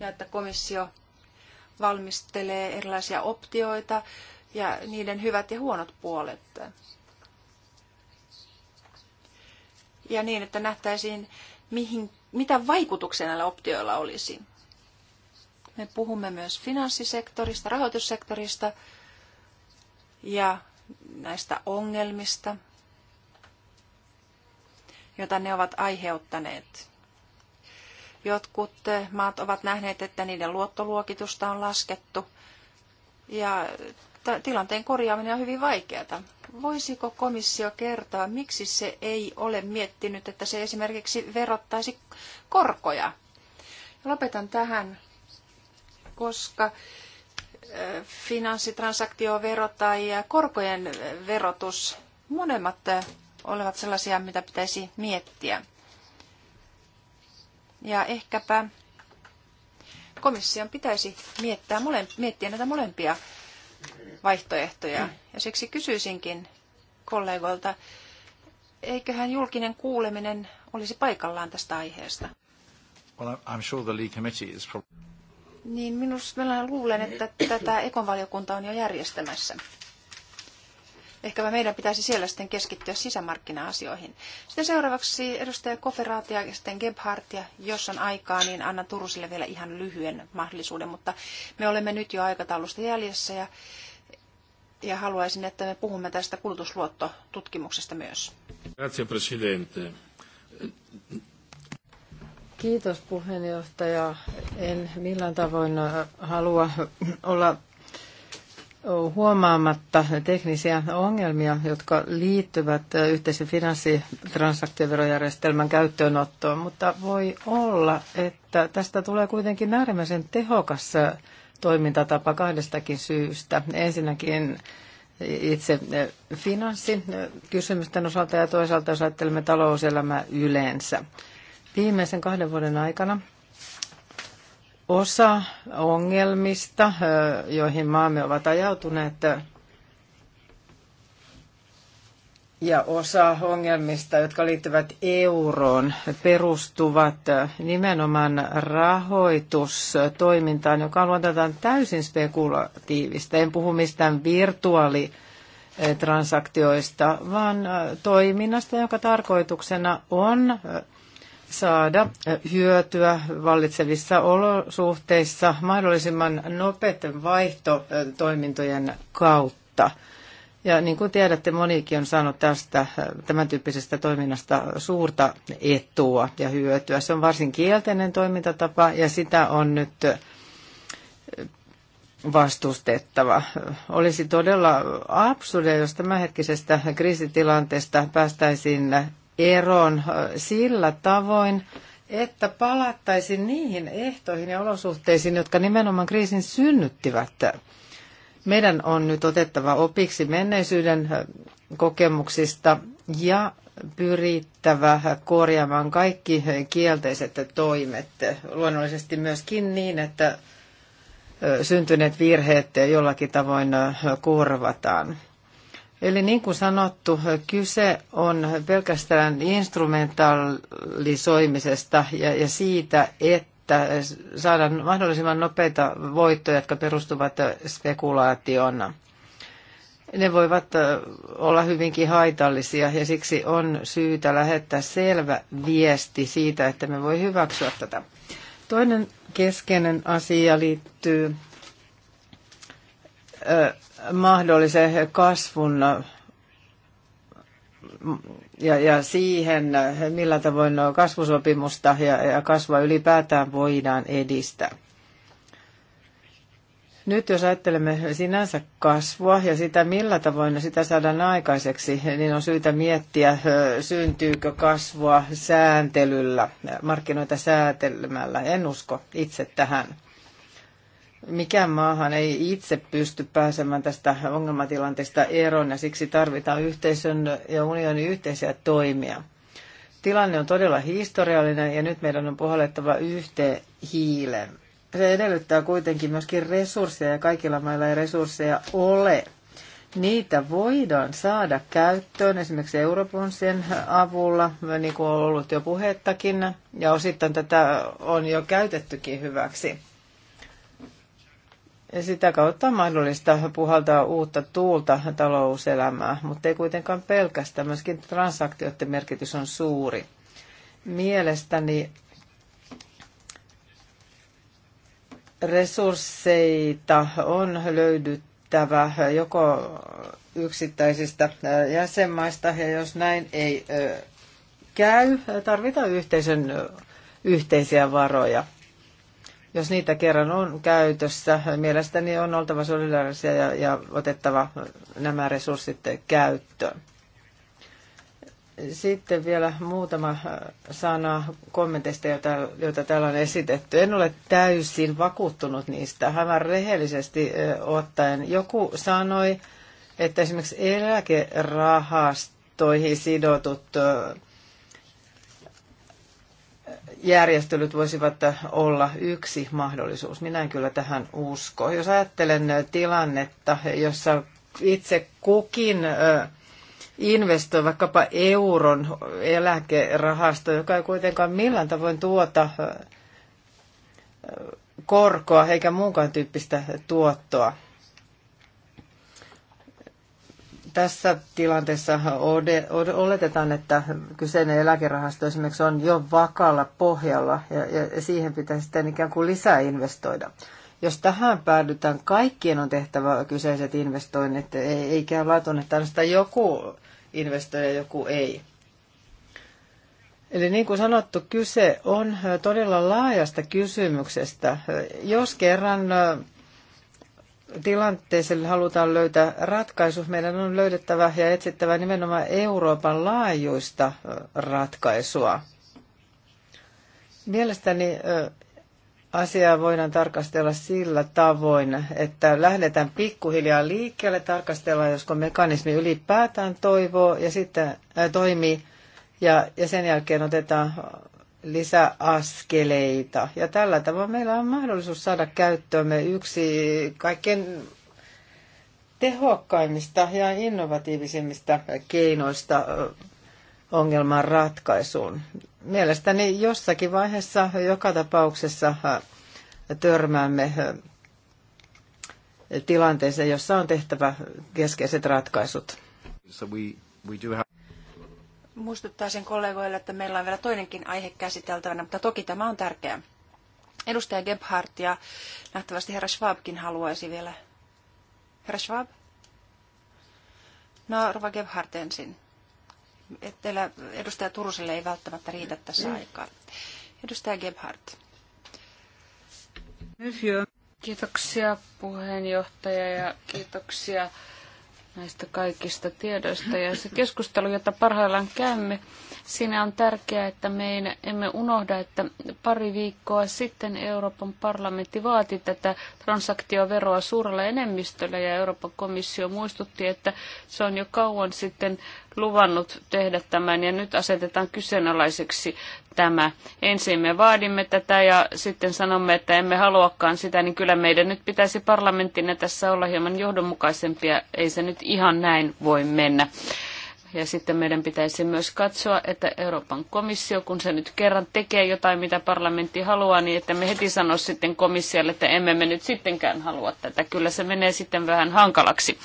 ja että komissio valmistelee erilaisia optioita ja niiden hyvät ja huonot puolet. Ja niin, että nähtäisiin, mihin, mitä vaikutuksia näillä optioilla olisi. Me puhumme myös finanssisektorista, rahoitussektorista ja näistä ongelmista, joita ne ovat aiheuttaneet. Jotkut maat ovat nähneet, että niiden luottoluokitusta on laskettu ja tilanteen korjaaminen on hyvin vaikeata. Voisiko komissio kertoa, miksi se ei ole miettinyt, että se esimerkiksi verottaisi korkoja? Lopetan tähän, koska finanssitransaktiovero tai korkojen verotus, molemmat olevat sellaisia, mitä pitäisi miettiä. Ja ehkäpä komission pitäisi miettää, miettiä näitä molempia vaihtoehtoja. Ja siksi kysyisinkin kollegoilta, eiköhän julkinen kuuleminen olisi paikallaan tästä aiheesta. Well, I'm sure the committee is probably niin minusta minä luulen, että tätä ekonvaliokunta on jo järjestämässä. Ehkä meidän pitäisi siellä sitten keskittyä sisämarkkina-asioihin. Sitten seuraavaksi edustaja Koferaatia ja sitten Gebhardt, ja jos on aikaa, niin anna Turusille vielä ihan lyhyen mahdollisuuden, mutta me olemme nyt jo aikataulusta jäljessä, ja, ja haluaisin, että me puhumme tästä kulutusluottotutkimuksesta myös. Grazie, Presidente. Kiitos puheenjohtaja. En millään tavoin äh, halua olla huomaamatta teknisiä ongelmia, jotka liittyvät äh, yhteisen finanssitransaktioverojärjestelmän käyttöönottoon, mutta voi olla, että tästä tulee kuitenkin äärimmäisen tehokas äh, toimintatapa kahdestakin syystä. Ensinnäkin itse finanssikysymysten osalta ja toisaalta jos ajattelemme talouselämää yleensä. Viimeisen kahden vuoden aikana osa ongelmista, joihin maamme ovat ajautuneet, ja osa ongelmista, jotka liittyvät euroon, perustuvat nimenomaan rahoitustoimintaan, joka on luonteeltaan täysin spekulatiivista. En puhu mistään virtuaalitransaktioista, vaan toiminnasta, jonka tarkoituksena on saada hyötyä vallitsevissa olosuhteissa mahdollisimman nopeiden vaihtotoimintojen kautta. Ja niin kuin tiedätte, monikin on saanut tästä tämän tyyppisestä toiminnasta suurta etua ja hyötyä. Se on varsin kielteinen toimintatapa ja sitä on nyt vastustettava. Olisi todella absurdia, jos tämänhetkisestä kriisitilanteesta päästäisiin eron sillä tavoin, että palattaisiin niihin ehtoihin ja olosuhteisiin, jotka nimenomaan kriisin synnyttivät. Meidän on nyt otettava opiksi menneisyyden kokemuksista ja pyrittävä korjaamaan kaikki kielteiset toimet. Luonnollisesti myöskin niin, että syntyneet virheet jollakin tavoin korvataan. Eli niin kuin sanottu, kyse on pelkästään instrumentalisoimisesta ja, ja siitä, että saadaan mahdollisimman nopeita voittoja, jotka perustuvat spekulaatioon. Ne voivat olla hyvinkin haitallisia ja siksi on syytä lähettää selvä viesti siitä, että me voi hyväksyä tätä. Toinen keskeinen asia liittyy ö, mahdollisen kasvun ja, ja siihen, millä tavoin kasvusopimusta ja, ja kasvua ylipäätään voidaan edistää. Nyt jos ajattelemme sinänsä kasvua ja sitä, millä tavoin sitä saadaan aikaiseksi, niin on syytä miettiä, syntyykö kasvua sääntelyllä, markkinoita säätelemällä. En usko itse tähän mikään maahan ei itse pysty pääsemään tästä ongelmatilanteesta eroon ja siksi tarvitaan yhteisön ja unionin yhteisiä toimia. Tilanne on todella historiallinen ja nyt meidän on puhallettava yhteen hiilen. Se edellyttää kuitenkin myöskin resursseja ja kaikilla mailla ei resursseja ole. Niitä voidaan saada käyttöön esimerkiksi Euroopan sen avulla, niin kuin on ollut jo puhettakin, ja osittain tätä on jo käytettykin hyväksi sitä kautta on mahdollista puhaltaa uutta tuulta talouselämää, mutta ei kuitenkaan pelkästään. Myöskin transaktioiden merkitys on suuri. Mielestäni resursseita on löydyttävä joko yksittäisistä jäsenmaista, ja jos näin ei käy, tarvitaan yhteisön yhteisiä varoja. Jos niitä kerran on käytössä, mielestäni on oltava solidaarisia ja, ja otettava nämä resurssit käyttöön. Sitten vielä muutama sana kommenteista, joita, joita täällä on esitetty. En ole täysin vakuuttunut niistä. Hämän rehellisesti ottaen joku sanoi, että esimerkiksi eläkerahastoihin sidotut järjestelyt voisivat olla yksi mahdollisuus. Minä en kyllä tähän usko. Jos ajattelen tilannetta, jossa itse kukin investoi vaikkapa euron eläkerahasto, joka ei kuitenkaan millään tavoin tuota korkoa eikä muunkaan tyyppistä tuottoa. Tässä tilanteessa oletetaan, että kyseinen eläkerahasto esimerkiksi on jo vakalla pohjalla ja, ja siihen pitäisi sitten ikään kuin lisää investoida. Jos tähän päädytään, kaikkien on tehtävä kyseiset investoinnit, e- eikä ei laitun, että ainoastaan joku investoi ja joku ei. Eli niin kuin sanottu, kyse on todella laajasta kysymyksestä. Jos kerran tilanteeseen halutaan löytää ratkaisu, meidän on löydettävä ja etsittävä nimenomaan Euroopan laajuista ratkaisua. Mielestäni asiaa voidaan tarkastella sillä tavoin, että lähdetään pikkuhiljaa liikkeelle, tarkastellaan, josko mekanismi ylipäätään toivoo ja sitten toimii, ja, ja sen jälkeen otetaan lisäaskeleita. Ja tällä tavalla meillä on mahdollisuus saada käyttöömme yksi kaikkein tehokkaimmista ja innovatiivisimmista keinoista ongelman ratkaisuun. Mielestäni jossakin vaiheessa, joka tapauksessa törmäämme tilanteeseen, jossa on tehtävä keskeiset ratkaisut. So we, we do have... Muistuttaisin kollegoille, että meillä on vielä toinenkin aihe käsiteltävänä, mutta toki tämä on tärkeä. Edustaja Gebhardt ja nähtävästi herra Schwabkin haluaisi vielä. Herra Schwab? No, Rova Gebhardt ensin. Teillä edustaja Turuselle ei välttämättä riitä tässä mm. aikaa. Edustaja Gebhardt. Kiitoksia puheenjohtaja ja kiitoksia näistä kaikista tiedoista. Ja se keskustelu, jota parhaillaan käymme, siinä on tärkeää, että me emme unohda, että pari viikkoa sitten Euroopan parlamentti vaati tätä transaktioveroa suurella enemmistöllä ja Euroopan komissio muistutti, että se on jo kauan sitten luvannut tehdä tämän ja nyt asetetaan kyseenalaiseksi tämä. Ensin me vaadimme tätä ja sitten sanomme, että emme haluakaan sitä, niin kyllä meidän nyt pitäisi parlamenttina tässä olla hieman johdonmukaisempia. Ei se nyt ihan näin voi mennä. Ja sitten meidän pitäisi myös katsoa, että Euroopan komissio, kun se nyt kerran tekee jotain, mitä parlamentti haluaa, niin että me heti sano sitten komissiolle, että emme me nyt sittenkään halua tätä. Kyllä se menee sitten vähän hankalaksi.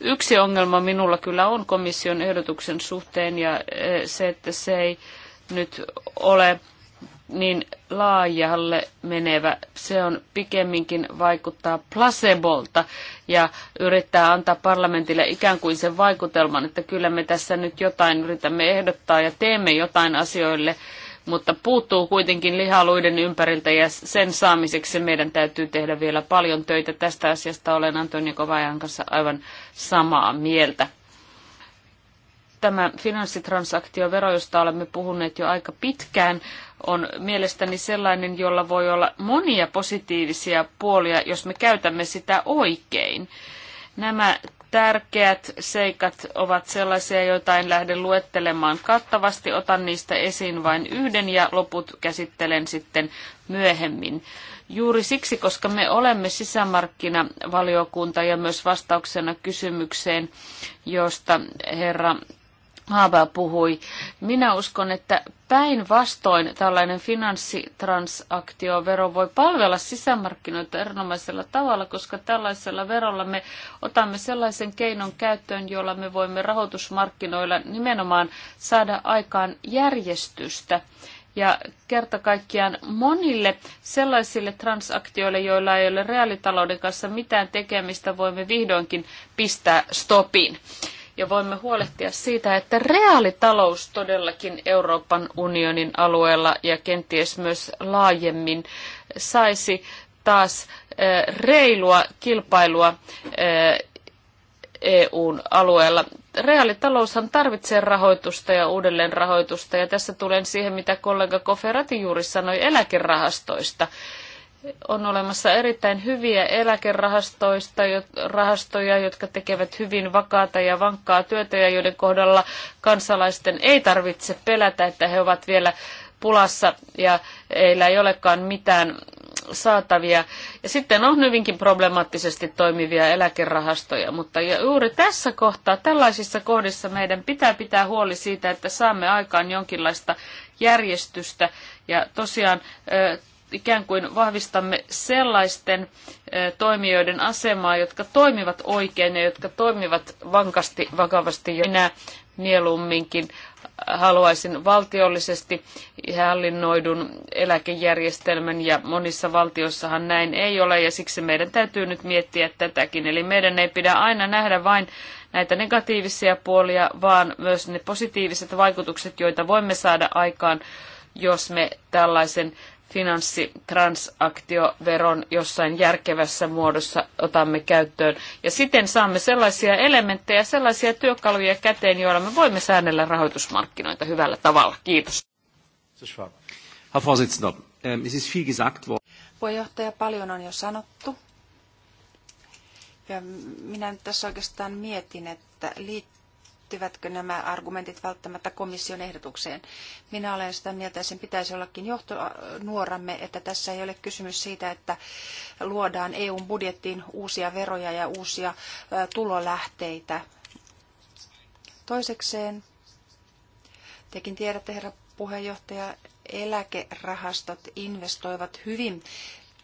Yksi ongelma minulla kyllä on komission ehdotuksen suhteen ja e, se, että se ei nyt ole niin laajalle menevä. Se on pikemminkin vaikuttaa placebolta ja yrittää antaa parlamentille ikään kuin sen vaikutelman, että kyllä me tässä nyt jotain yritämme ehdottaa ja teemme jotain asioille, mutta puuttuu kuitenkin lihaluiden ympäriltä ja sen saamiseksi meidän täytyy tehdä vielä paljon töitä. Tästä asiasta olen Antonio Kovajan kanssa aivan samaa mieltä. Tämä finanssitransaktiovero, josta olemme puhuneet jo aika pitkään, on mielestäni sellainen, jolla voi olla monia positiivisia puolia, jos me käytämme sitä oikein. Nämä tärkeät seikat ovat sellaisia, joita en lähde luettelemaan kattavasti. Otan niistä esiin vain yhden ja loput käsittelen sitten myöhemmin. Juuri siksi, koska me olemme sisämarkkinavaliokunta ja myös vastauksena kysymykseen, josta herra Haaba puhui. Minä uskon, että päinvastoin tällainen finanssitransaktiovero voi palvella sisämarkkinoita erinomaisella tavalla, koska tällaisella verolla me otamme sellaisen keinon käyttöön, jolla me voimme rahoitusmarkkinoilla nimenomaan saada aikaan järjestystä ja kerta kaikkiaan monille sellaisille transaktioille, joilla ei ole reaalitalouden kanssa mitään tekemistä, voimme vihdoinkin pistää stopin ja voimme huolehtia siitä, että reaalitalous todellakin Euroopan unionin alueella ja kenties myös laajemmin saisi taas eh, reilua kilpailua eh, EUn alueella. Reaalitaloushan tarvitsee rahoitusta ja uudelleenrahoitusta ja tässä tulen siihen, mitä kollega Koferati juuri sanoi eläkerahastoista on olemassa erittäin hyviä eläkerahastoista, rahastoja, jotka tekevät hyvin vakaata ja vankkaa työtä ja joiden kohdalla kansalaisten ei tarvitse pelätä, että he ovat vielä pulassa ja heillä ei olekaan mitään saatavia. Ja sitten on hyvinkin problemaattisesti toimivia eläkerahastoja, mutta juuri tässä kohtaa, tällaisissa kohdissa meidän pitää pitää huoli siitä, että saamme aikaan jonkinlaista järjestystä ja tosiaan ikään kuin vahvistamme sellaisten toimijoiden asemaa, jotka toimivat oikein ja jotka toimivat vankasti, vakavasti. Minä mieluumminkin haluaisin valtiollisesti hallinnoidun eläkejärjestelmän ja monissa valtioissahan näin ei ole ja siksi meidän täytyy nyt miettiä tätäkin. Eli meidän ei pidä aina nähdä vain näitä negatiivisia puolia, vaan myös ne positiiviset vaikutukset, joita voimme saada aikaan, jos me tällaisen finanssitransaktioveron jossain järkevässä muodossa otamme käyttöön. Ja siten saamme sellaisia elementtejä, sellaisia työkaluja käteen, joilla me voimme säännellä rahoitusmarkkinoita hyvällä tavalla. Kiitos. Ähm, Puheenjohtaja, paljon on jo sanottu. Ja minä nyt tässä oikeastaan mietin, että liittyy liittyvätkö nämä argumentit välttämättä komission ehdotukseen. Minä olen sitä mieltä, että sen pitäisi ollakin johtonuoramme, että tässä ei ole kysymys siitä, että luodaan EUn budjettiin uusia veroja ja uusia tulolähteitä. Toisekseen, tekin tiedätte, herra puheenjohtaja, eläkerahastot investoivat hyvin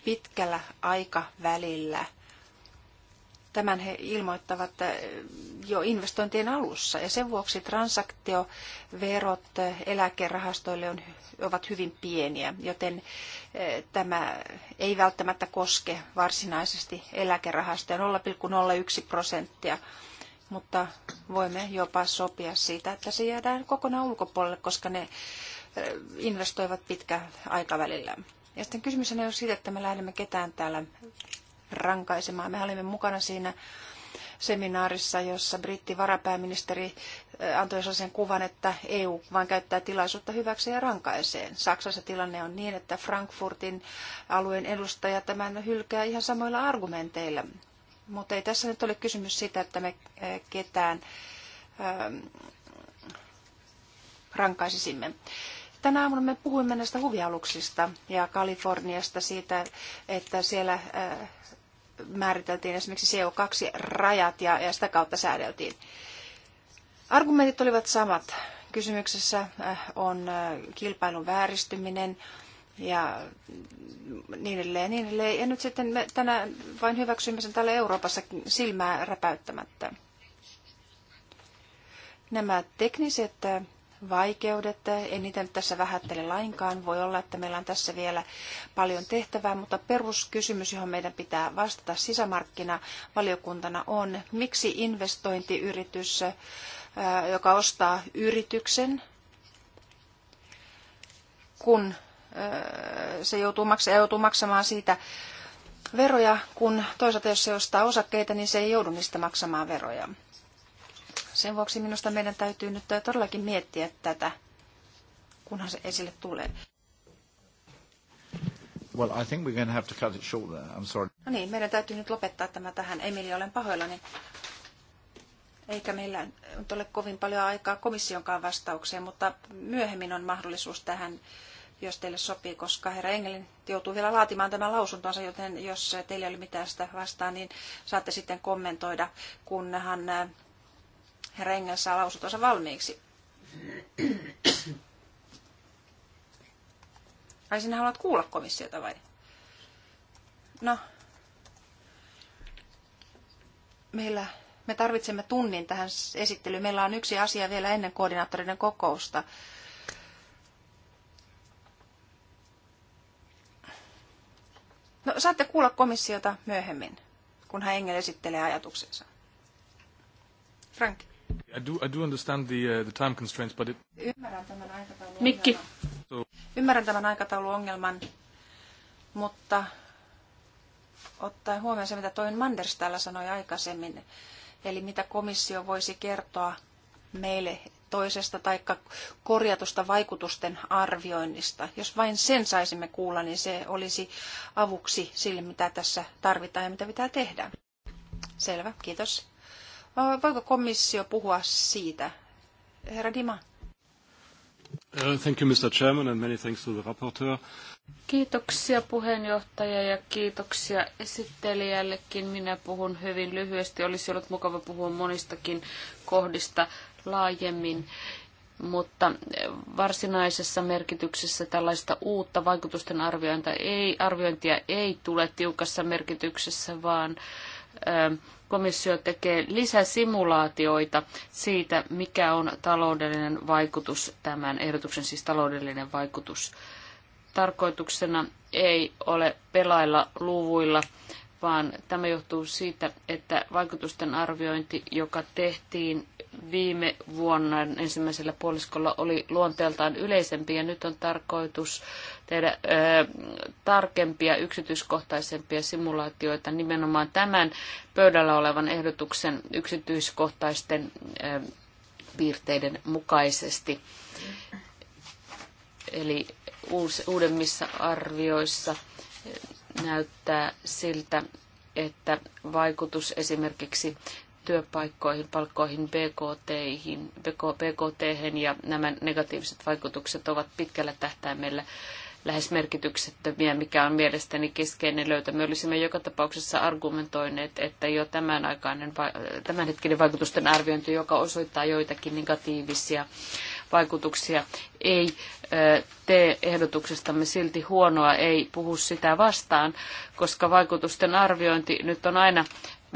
pitkällä aikavälillä – Tämän he ilmoittavat eh, jo investointien alussa ja sen vuoksi transaktioverot eh, eläkerahastoille on, ovat hyvin pieniä, joten eh, tämä ei välttämättä koske varsinaisesti eläkerahastoja 0,01 prosenttia, mutta voimme jopa sopia siitä, että se jäädään kokonaan ulkopuolelle, koska ne investoivat pitkä aikavälillä. Ja sitten kysymys on siitä, että me lähdemme ketään täällä rankaisemaan. Me olimme mukana siinä seminaarissa, jossa britti varapääministeri eh, antoi sellaisen kuvan, että EU vain käyttää tilaisuutta hyväksi ja rankaiseen. Saksassa tilanne on niin, että Frankfurtin alueen edustaja tämän hylkää ihan samoilla argumenteilla. Mutta ei tässä nyt ole kysymys siitä, että me eh, ketään ähm, rankaisisimme. Tänä aamuna me puhuimme näistä huvialuksista ja Kaliforniasta siitä, että siellä eh, määriteltiin esimerkiksi CO2-rajat ja, ja sitä kautta säädeltiin. Argumentit olivat samat. Kysymyksessä äh, on äh, kilpailun vääristyminen ja niin edelleen, niin edelleen. Ja nyt sitten me tänään vain hyväksymme sen täällä Euroopassa silmää räpäyttämättä. Nämä tekniset äh, vaikeudet. En niitä nyt tässä vähättele lainkaan. Voi olla, että meillä on tässä vielä paljon tehtävää, mutta peruskysymys, johon meidän pitää vastata sisämarkkinavaliokuntana on, miksi investointiyritys, joka ostaa yrityksen, kun se joutuu, maksa, joutuu maksamaan siitä veroja, kun toisaalta jos se ostaa osakkeita, niin se ei joudu niistä maksamaan veroja. Sen vuoksi minusta meidän täytyy nyt todellakin miettiä tätä, kunhan se esille tulee. Well, I think we're going to have to cut it short there. I'm sorry. No niin, meidän täytyy nyt lopettaa tämä tähän. Emili, olen pahoillani. Eikä meillä nyt ole kovin paljon aikaa komissionkaan vastaukseen, mutta myöhemmin on mahdollisuus tähän, jos teille sopii, koska herra Engelin joutuu vielä laatimaan tämän lausuntonsa, joten jos teillä ei ole mitään sitä vastaan, niin saatte sitten kommentoida, kunhan herra Engel saa lausutonsa valmiiksi. Ai sinä haluat kuulla komissiota vai? No, meillä, me tarvitsemme tunnin tähän esittelyyn. Meillä on yksi asia vielä ennen koordinaattoriden kokousta. No, saatte kuulla komissiota myöhemmin, kun hän Engel esittelee ajatuksensa. Frank. I do, I do understand the, uh, the time constraints, but it... Ymmärrän tämän aikataulun Mikki. So. Ymmärrän tämän aikatauluongelman, mutta ottaen huomioon se, mitä toin Manders täällä sanoi aikaisemmin, eli mitä komissio voisi kertoa meille toisesta tai korjatusta vaikutusten arvioinnista. Jos vain sen saisimme kuulla, niin se olisi avuksi sille, mitä tässä tarvitaan ja mitä pitää tehdä. Selvä, kiitos. Äh, voiko komissio puhua siitä? Herra Dima. Äh, thank you, Mr. Chairman, and many thanks to the rapporteur. Kiitoksia puheenjohtaja ja kiitoksia esittelijällekin. Minä puhun hyvin lyhyesti. Olisi ollut mukava puhua monistakin kohdista laajemmin mutta varsinaisessa merkityksessä tällaista uutta vaikutusten arviointia ei, arviointia ei tule tiukassa merkityksessä, vaan Ähm, komissio tekee lisäsimulaatioita siitä, mikä on taloudellinen vaikutus, tämän ehdotuksen siis taloudellinen vaikutus. Tarkoituksena ei ole pelailla luvuilla, vaan tämä johtuu siitä, että vaikutusten arviointi, joka tehtiin viime vuonna ensimmäisellä puoliskolla oli luonteeltaan yleisempi ja nyt on tarkoitus tehdä ö, tarkempia, yksityiskohtaisempia simulaatioita nimenomaan tämän pöydällä olevan ehdotuksen yksityiskohtaisten ö, piirteiden mukaisesti. Eli uus, uudemmissa arvioissa näyttää siltä, että vaikutus esimerkiksi työpaikkoihin, palkkoihin, BKTihin, BKT ja nämä negatiiviset vaikutukset ovat pitkällä tähtäimellä lähes merkityksettömiä, mikä on mielestäni keskeinen löytö. Me olisimme joka tapauksessa argumentoineet, että jo tämän aikainen, tämänhetkinen vaikutusten arviointi, joka osoittaa joitakin negatiivisia vaikutuksia, ei tee ehdotuksestamme silti huonoa, ei puhu sitä vastaan, koska vaikutusten arviointi nyt on aina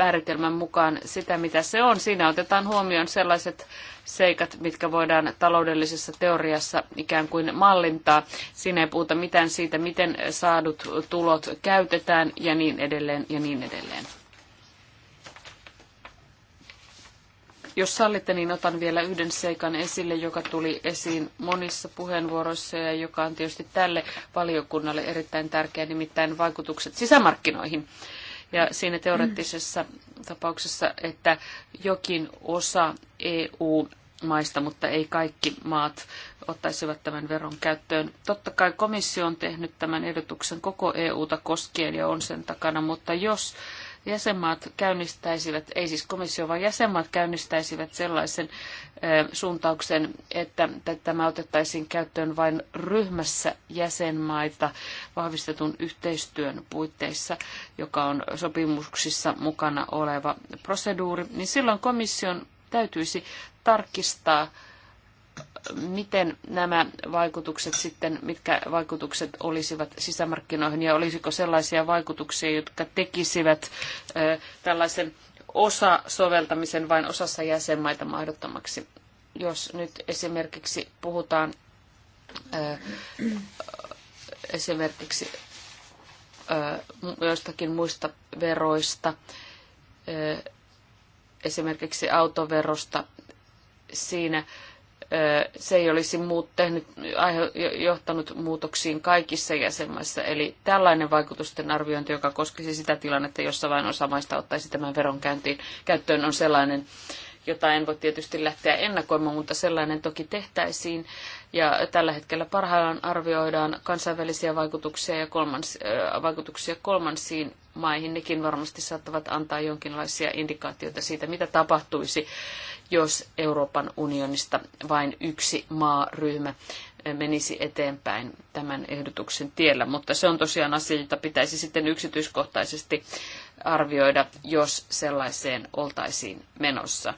määritelmän mukaan sitä, mitä se on. Siinä otetaan huomioon sellaiset seikat, mitkä voidaan taloudellisessa teoriassa ikään kuin mallintaa. Siinä ei puhuta mitään siitä, miten saadut tulot käytetään ja niin edelleen ja niin edelleen. Jos sallitte, niin otan vielä yhden seikan esille, joka tuli esiin monissa puheenvuoroissa ja joka on tietysti tälle valiokunnalle erittäin tärkeä, nimittäin vaikutukset sisämarkkinoihin. Ja siinä teoreettisessa tapauksessa, että jokin osa EU maista, mutta ei kaikki maat ottaisivat tämän veron käyttöön. Totta kai komissio on tehnyt tämän ehdotuksen koko EUta koskien ja on sen takana, mutta jos jäsenmaat käynnistäisivät, ei siis komissio, vaan jäsenmaat käynnistäisivät sellaisen suuntauksen, että tämä otettaisiin käyttöön vain ryhmässä jäsenmaita vahvistetun yhteistyön puitteissa, joka on sopimuksissa mukana oleva proseduuri, niin silloin komission täytyisi tarkistaa, miten nämä vaikutukset sitten, mitkä vaikutukset olisivat sisämarkkinoihin ja olisiko sellaisia vaikutuksia, jotka tekisivät tällaisen osa soveltamisen vain osassa jäsenmaita mahdottomaksi. Jos nyt esimerkiksi puhutaan esimerkiksi joistakin muista veroista, esimerkiksi autoverosta, siinä se ei olisi muut tehnyt, johtanut muutoksiin kaikissa jäsenmaissa. Eli tällainen vaikutusten arviointi, joka koskisi sitä tilannetta, jossa vain osa maista ottaisi tämän veron käyntiin, käyttöön, on sellainen, jota en voi tietysti lähteä ennakoimaan, mutta sellainen toki tehtäisiin. Ja tällä hetkellä parhaillaan arvioidaan kansainvälisiä vaikutuksia ja kolmans, äh, vaikutuksia kolmansiin maihin. Nekin varmasti saattavat antaa jonkinlaisia indikaatioita siitä, mitä tapahtuisi, jos Euroopan unionista vain yksi maaryhmä menisi eteenpäin tämän ehdotuksen tiellä. Mutta se on tosiaan asia, jota pitäisi sitten yksityiskohtaisesti arvioida, jos sellaiseen oltaisiin menossa.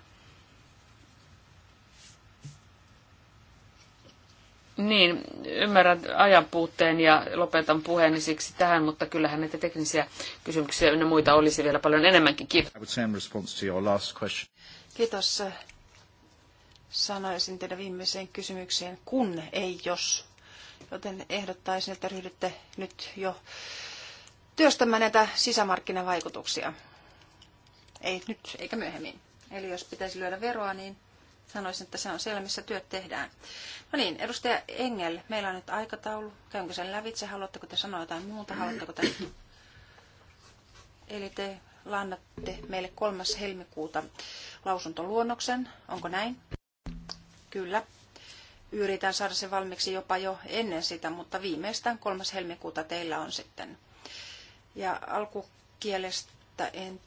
Niin, ymmärrän ajan puutteen ja lopetan puheeni siksi tähän, mutta kyllähän näitä teknisiä kysymyksiä ja muita olisi vielä paljon enemmänkin. Kiitos. Kiitos. Sanoisin teidän viimeiseen kysymykseen, kun ei jos. Joten ehdottaisin, että ryhdytte nyt jo työstämään näitä sisämarkkinavaikutuksia. Ei nyt eikä myöhemmin. Eli jos pitäisi lyödä veroa, niin sanoisin, että se on siellä, missä työt tehdään. No niin, edustaja Engel, meillä on nyt aikataulu. Käynkö sen lävitse? Haluatteko te sanoa jotain muuta? Haluatteko te... Eli te lannatte meille 3. helmikuuta lausuntoluonnoksen. Onko näin? Kyllä. Yritän saada sen valmiiksi jopa jo ennen sitä, mutta viimeistään 3. helmikuuta teillä on sitten. Ja alkukielestä en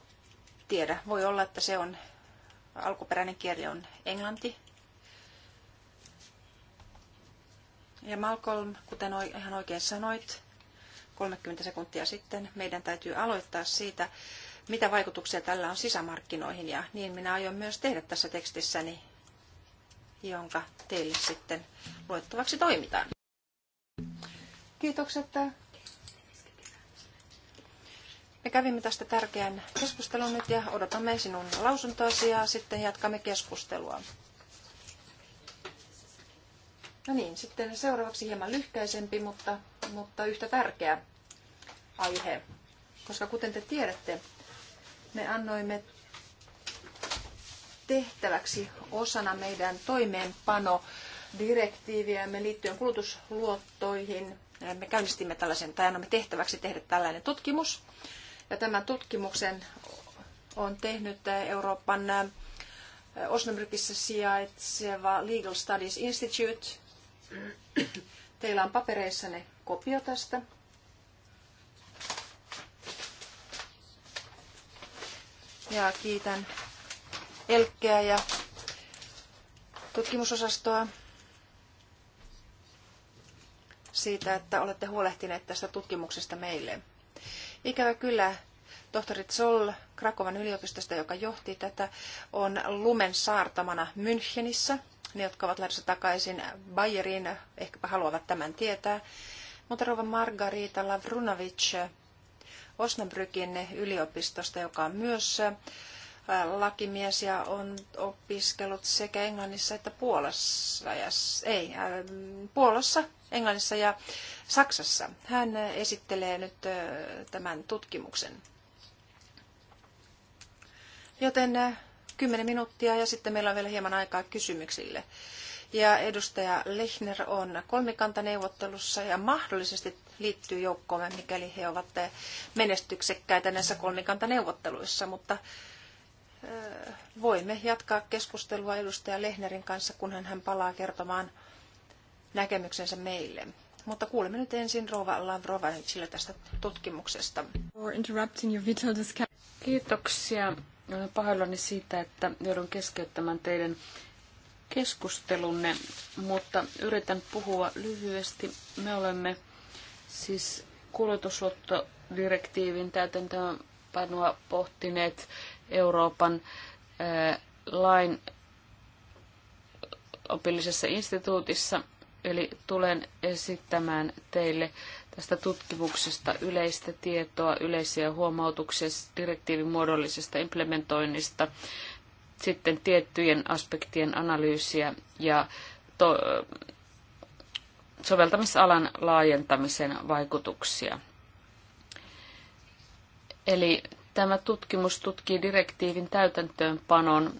tiedä. Voi olla, että se on alkuperäinen kieli on englanti. Ja Malcolm, kuten ihan oikein sanoit, 30 sekuntia sitten, meidän täytyy aloittaa siitä, mitä vaikutuksia tällä on sisämarkkinoihin. Ja niin minä aion myös tehdä tässä tekstissäni, jonka teille sitten luettavaksi toimitaan. Kiitokset me kävimme tästä tärkeän keskustelun nyt ja odotamme sinun lausuntoasi ja sitten jatkamme keskustelua. No niin, sitten seuraavaksi hieman lyhkäisempi, mutta, mutta yhtä tärkeä aihe. Koska kuten te tiedätte, me annoimme tehtäväksi osana meidän toimeenpano direktiiviämme liittyen kulutusluottoihin. Me käynnistimme tällaisen, tai annamme tehtäväksi tehdä tällainen tutkimus. Ja tämän tutkimuksen on tehnyt Euroopan äh, Osnabrykissä sijaitseva Legal Studies Institute. Teillä on papereissanne kopio tästä. Ja kiitän Elkkeä ja tutkimusosastoa siitä, että olette huolehtineet tästä tutkimuksesta meille. Ikävä kyllä tohtori Zoll Krakovan yliopistosta, joka johti tätä, on lumen saartamana Münchenissä. Ne, jotka ovat lähdössä takaisin Bayeriin, ehkäpä haluavat tämän tietää. Mutta rouva Margarita Lavrunovic Osnabrykin yliopistosta, joka on myös lakimies ja on opiskellut sekä Englannissa että Puolassa, ja, ei, äh, Puolassa, Englannissa ja Saksassa. Hän esittelee nyt tämän tutkimuksen. Joten kymmenen minuuttia ja sitten meillä on vielä hieman aikaa kysymyksille. Ja edustaja Lechner on kolmikantaneuvottelussa ja mahdollisesti liittyy joukkoomme, mikäli he ovat menestyksekkäitä näissä kolmikantaneuvotteluissa, mutta voimme jatkaa keskustelua edustaja Lehnerin kanssa, kunhan hän palaa kertomaan näkemyksensä meille. Mutta kuulemme nyt ensin Rova Lavrovicille tästä tutkimuksesta. Kiitoksia. Olen pahoillani siitä, että joudun keskeyttämään teidän keskustelunne, mutta yritän puhua lyhyesti. Me olemme siis kulutusluottodirektiivin täytäntöönpanoa pohtineet Euroopan eh, lain opillisessa instituutissa, eli tulen esittämään teille tästä tutkimuksesta yleistä tietoa, yleisiä huomautuksia direktiivin muodollisesta implementoinnista, sitten tiettyjen aspektien analyysiä ja to, soveltamisalan laajentamisen vaikutuksia. Eli Tämä tutkimus tutkii direktiivin täytäntöönpanon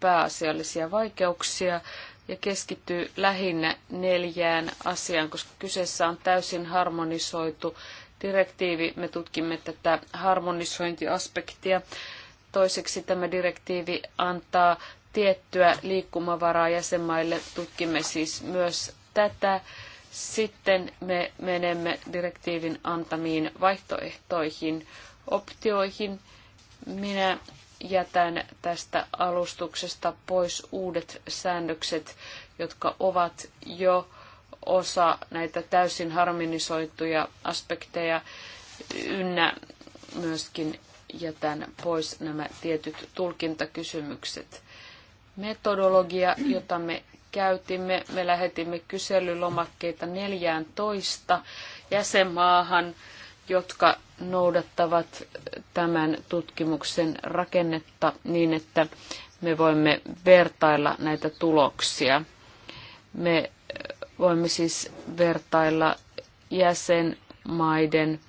pääasiallisia vaikeuksia ja keskittyy lähinnä neljään asiaan, koska kyseessä on täysin harmonisoitu direktiivi. Me tutkimme tätä harmonisointiaspektia. Toiseksi tämä direktiivi antaa tiettyä liikkumavaraa jäsenmaille. Tutkimme siis myös tätä. Sitten me menemme direktiivin antamiin vaihtoehtoihin optioihin. Minä jätän tästä alustuksesta pois uudet säännökset, jotka ovat jo osa näitä täysin harmonisoituja aspekteja ynnä myöskin jätän pois nämä tietyt tulkintakysymykset. Metodologia, jota me käytimme, me lähetimme kyselylomakkeita 14 jäsenmaahan jotka noudattavat tämän tutkimuksen rakennetta niin, että me voimme vertailla näitä tuloksia. Me eh, voimme siis vertailla jäsenmaiden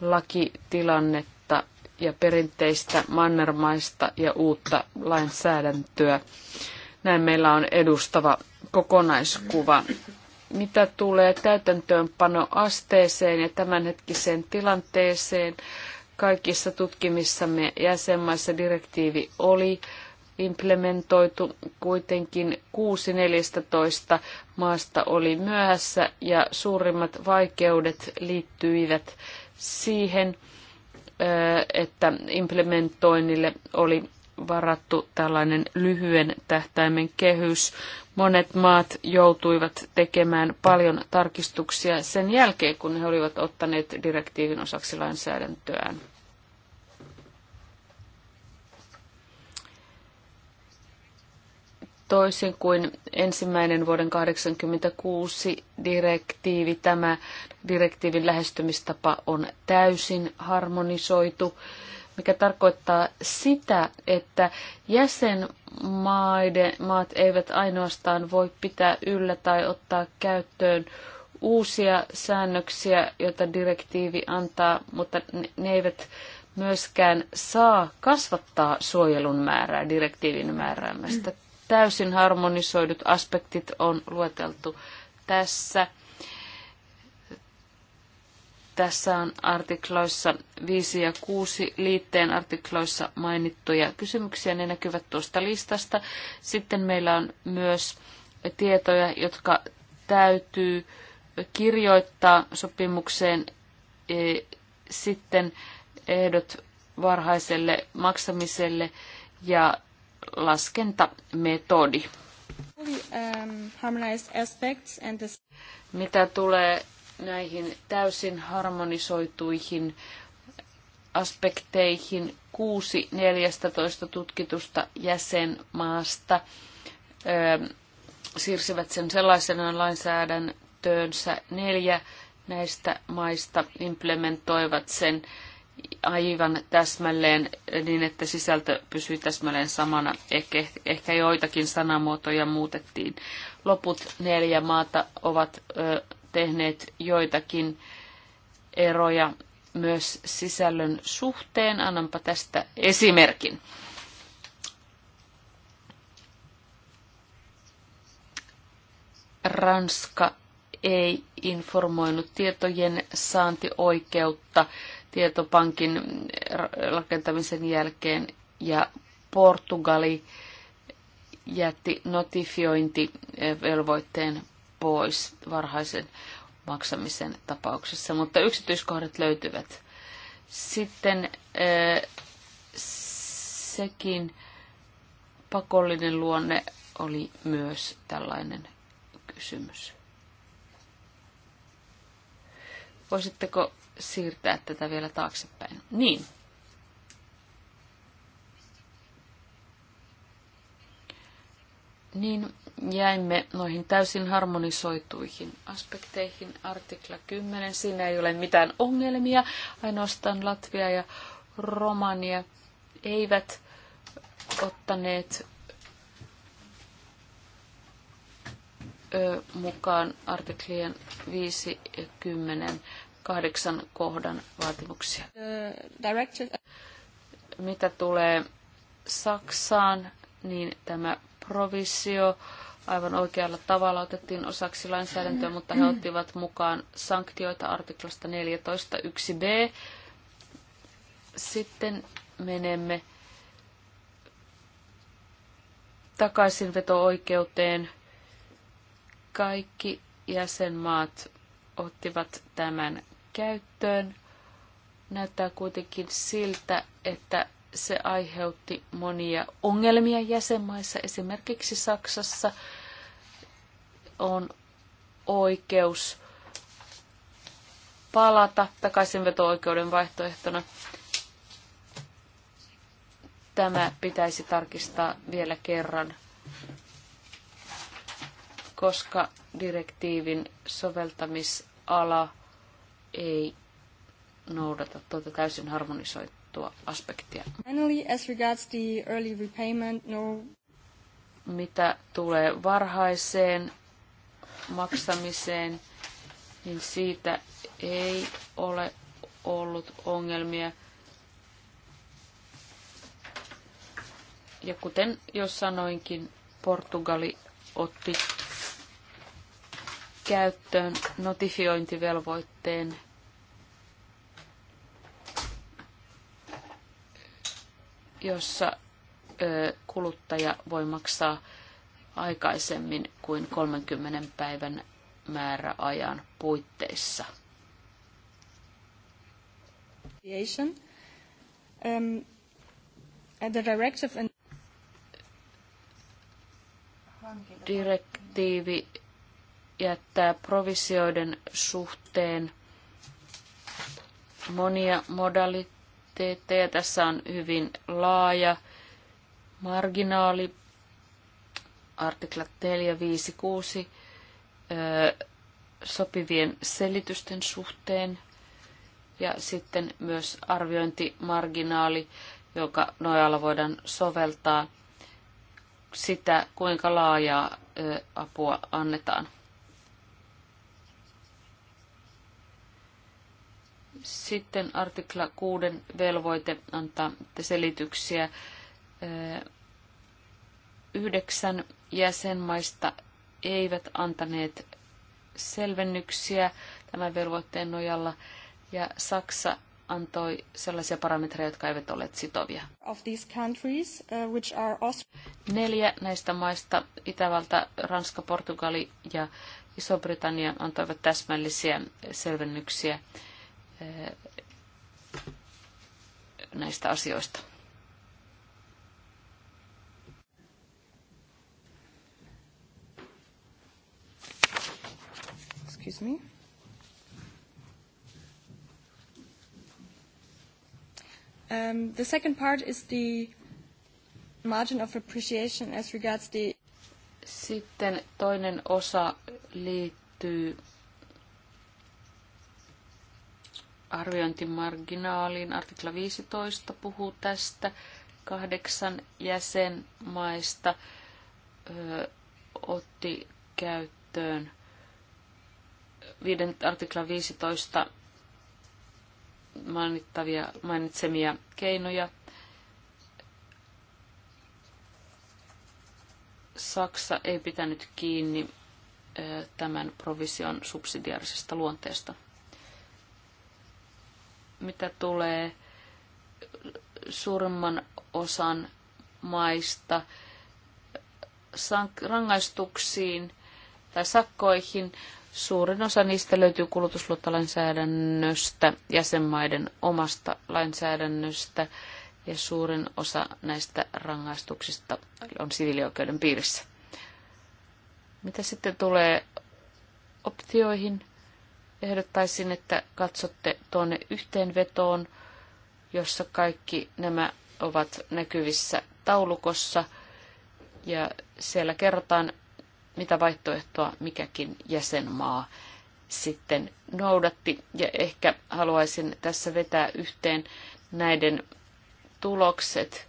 lakitilannetta ja perinteistä mannermaista ja uutta lainsäädäntöä. Näin meillä on edustava kokonaiskuva mitä tulee täytäntöönpanoasteeseen ja tämänhetkiseen tilanteeseen, kaikissa tutkimissamme jäsenmaissa direktiivi oli implementoitu. Kuitenkin 6.14 maasta oli myöhässä ja suurimmat vaikeudet liittyivät siihen, että implementoinnille oli varattu tällainen lyhyen tähtäimen kehys. Monet maat joutuivat tekemään paljon tarkistuksia sen jälkeen, kun he olivat ottaneet direktiivin osaksi lainsäädäntöään. toisin kuin ensimmäinen vuoden 1986 direktiivi. Tämä direktiivin lähestymistapa on täysin harmonisoitu mikä tarkoittaa sitä, että jäsenmaat eivät ainoastaan voi pitää yllä tai ottaa käyttöön uusia säännöksiä, joita direktiivi antaa, mutta ne eivät myöskään saa kasvattaa suojelun määrää direktiivin määräämästä. Täysin harmonisoidut aspektit on lueteltu tässä tässä on artikloissa 5 ja 6 liitteen artikloissa mainittuja kysymyksiä. Ne näkyvät tuosta listasta. Sitten meillä on myös tietoja, jotka täytyy kirjoittaa sopimukseen e, sitten ehdot varhaiselle maksamiselle ja laskentametodi. Mitä tulee näihin täysin harmonisoituihin aspekteihin kuusi 14 tutkitusta jäsenmaasta ö, ähm, siirsivät sen sellaisenaan lainsäädäntöönsä. Neljä näistä maista implementoivat sen aivan täsmälleen niin, että sisältö pysyi täsmälleen samana. Ehkä, ehkä joitakin sanamuotoja muutettiin. Loput neljä maata ovat ö, tehneet joitakin eroja myös sisällön suhteen. Annanpa tästä esimerkin. Ranska ei informoinut tietojen saantioikeutta tietopankin rakentamisen jälkeen ja Portugali jätti notifiointivelvoitteen pois varhaisen maksamisen tapauksessa, mutta yksityiskohdat löytyvät. Sitten eh, sekin pakollinen luonne oli myös tällainen kysymys. Voisitteko siirtää tätä vielä taaksepäin? Niin. Niin jäimme noihin täysin harmonisoituihin aspekteihin. Artikla 10, siinä ei ole mitään ongelmia, ainoastaan Latvia ja Romania eivät ottaneet mukaan artiklien 5 ja 10 kahdeksan kohdan vaatimuksia. Mitä tulee Saksaan, niin tämä provisio aivan oikealla tavalla otettiin osaksi lainsäädäntöä, mutta he ottivat mukaan sanktioita artiklasta 14.1b. Sitten menemme takaisinveto-oikeuteen. Kaikki jäsenmaat ottivat tämän käyttöön. Näyttää kuitenkin siltä, että se aiheutti monia ongelmia jäsenmaissa, esimerkiksi Saksassa on oikeus palata takaisinveto-oikeuden vaihtoehtona. Tämä pitäisi tarkistaa vielä kerran, koska direktiivin soveltamisala ei noudata tuota täysin harmonisointia tuo aspektia. Finally, as regards the early repayment, no... Mitä tulee varhaiseen maksamiseen, niin siitä ei ole ollut ongelmia. Ja kuten jo sanoinkin, Portugali otti käyttöön notifiointivelvoitteen jossa kuluttaja voi maksaa aikaisemmin kuin 30 päivän määräajan puitteissa. Um, Direktiivi jättää provisioiden suhteen monia modalit prioriteetteja. Tässä on hyvin laaja marginaali, artikla 4, 5, 6 sopivien selitysten suhteen ja sitten myös arviointimarginaali, joka nojalla voidaan soveltaa sitä, kuinka laajaa apua annetaan. Sitten artikla 6 velvoite antaa selityksiä. Yhdeksän jäsenmaista eivät antaneet selvennyksiä tämän velvoitteen nojalla ja Saksa antoi sellaisia parametreja, jotka eivät olleet sitovia. Of these countries, uh, which are Neljä näistä maista, Itävalta, Ranska, Portugali ja Iso-Britannia, antoivat täsmällisiä selvennyksiä Eh, näistä asioista. Excuse me. Um, the second part is the margin of appreciation as regards the... Sitten toinen osa liittyy arviointimarginaaliin. Artikla 15 puhuu tästä. Kahdeksan jäsenmaista ö, otti käyttöön viiden artikla 15 mainittavia, mainitsemia keinoja. Saksa ei pitänyt kiinni tämän provision subsidiaarisesta luonteesta mitä tulee suurimman osan maista rangaistuksiin tai sakkoihin, suurin osa niistä löytyy kulutusluottolainsäädännöstä, jäsenmaiden omasta lainsäädännöstä ja suurin osa näistä rangaistuksista on siviilioikeuden piirissä. Mitä sitten tulee optioihin? ehdottaisin, että katsotte tuonne yhteenvetoon, jossa kaikki nämä ovat näkyvissä taulukossa. Ja siellä kerrotaan, mitä vaihtoehtoa mikäkin jäsenmaa sitten noudatti. Ja ehkä haluaisin tässä vetää yhteen näiden tulokset.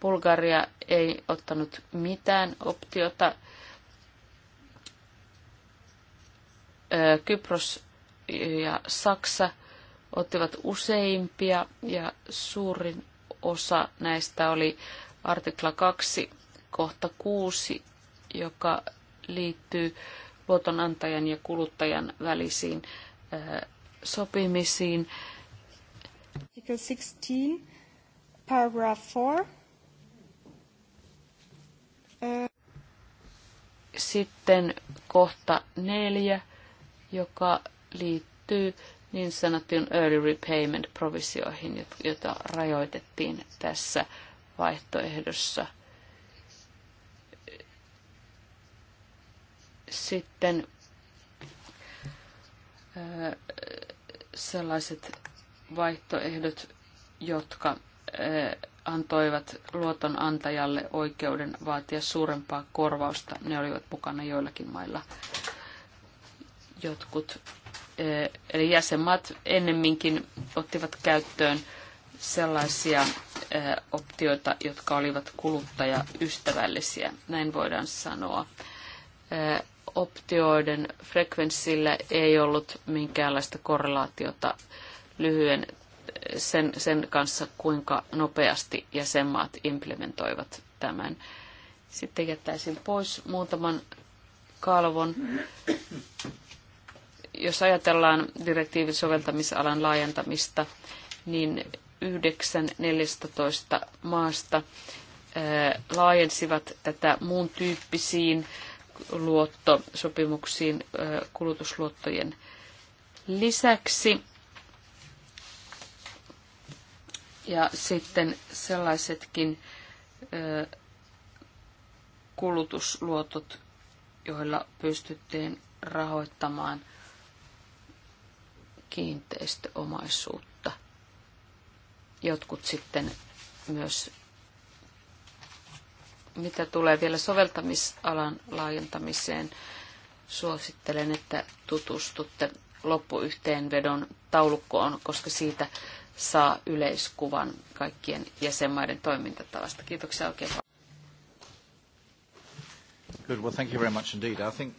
Bulgaria ei ottanut mitään optiota. Kypros ja Saksa ottivat useimpia ja suurin osa näistä oli artikla 2 kohta 6, joka liittyy luotonantajan ja kuluttajan välisiin sopimisiin. Article 16, paragraph 4. Sitten kohta 4, joka liittyy niin sanottuun early repayment provisioihin, jota rajoitettiin tässä vaihtoehdossa. Sitten sellaiset vaihtoehdot, jotka antoivat luotonantajalle oikeuden vaatia suurempaa korvausta. Ne olivat mukana joillakin mailla. Jotkut eli jäsenmaat ennemminkin ottivat käyttöön sellaisia optioita, jotka olivat kuluttajaystävällisiä, näin voidaan sanoa. Optioiden frekvenssillä ei ollut minkäänlaista korrelaatiota lyhyen sen, sen kanssa, kuinka nopeasti jäsenmaat implementoivat tämän. Sitten jättäisin pois muutaman kalvon jos ajatellaan direktiivin soveltamisalan laajentamista, niin 9-14 maasta laajensivat tätä muun tyyppisiin luottosopimuksiin kulutusluottojen lisäksi. Ja sitten sellaisetkin kulutusluotot, joilla pystyttiin rahoittamaan – kiinteistöomaisuutta. Jotkut sitten myös, mitä tulee vielä soveltamisalan laajentamiseen, suosittelen, että tutustutte loppuyhteenvedon taulukkoon, koska siitä saa yleiskuvan kaikkien jäsenmaiden toimintatavasta. Kiitoksia oikein paljon. Good. Well, thank you very much indeed. I think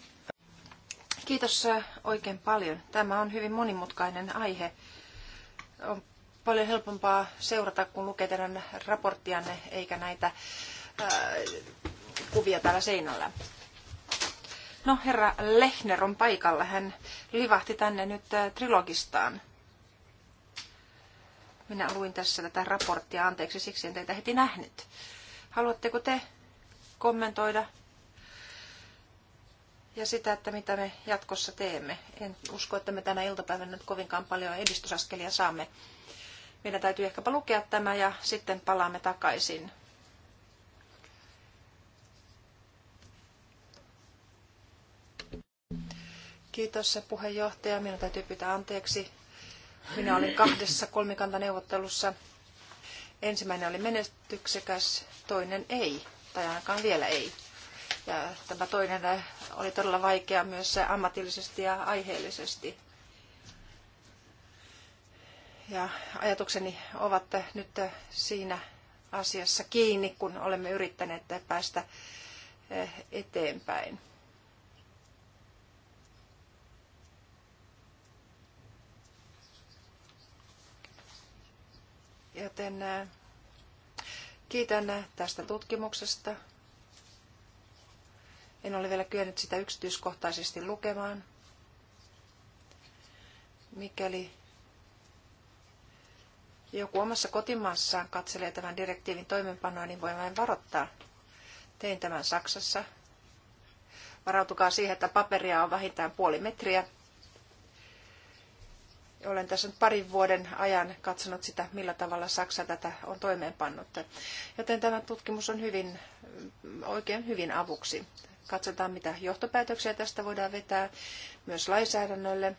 Kiitos äh, oikein paljon. Tämä on hyvin monimutkainen aihe. On paljon helpompaa seurata, kun lukee teidän raporttianne eikä näitä äh, kuvia täällä seinällä. No, herra Lehner on paikalla. Hän livahti tänne nyt äh, trilogistaan. Minä luin tässä tätä raporttia. Anteeksi, siksi en teitä heti nähnyt. Haluatteko te kommentoida ja sitä, että mitä me jatkossa teemme. En usko, että me tänä iltapäivänä nyt kovinkaan paljon edistysaskelia saamme. Meidän täytyy ehkäpä lukea tämä ja sitten palaamme takaisin. Kiitos se puheenjohtaja. Minun täytyy pitää anteeksi. Minä olin kahdessa kolmikantaneuvottelussa. Ensimmäinen oli menestyksekäs, toinen ei, tai ainakaan vielä ei. Ja tämä toinen äh, oli todella vaikea myös ammatillisesti ja aiheellisesti. Ja ajatukseni ovat nyt siinä asiassa kiinni, kun olemme yrittäneet päästä äh, eteenpäin. Joten äh, kiitän tästä tutkimuksesta en ole vielä kyennyt sitä yksityiskohtaisesti lukemaan. Mikäli joku omassa kotimaassaan katselee tämän direktiivin toimenpanoa, niin voin vain varoittaa. Tein tämän Saksassa. Varautukaa siihen, että paperia on vähintään puoli metriä. Olen tässä nyt parin vuoden ajan katsonut sitä, millä tavalla Saksa tätä on toimeenpannut. Joten tämä tutkimus on hyvin, oikein hyvin avuksi katsotaan, mitä johtopäätöksiä tästä voidaan vetää myös lainsäädännölle.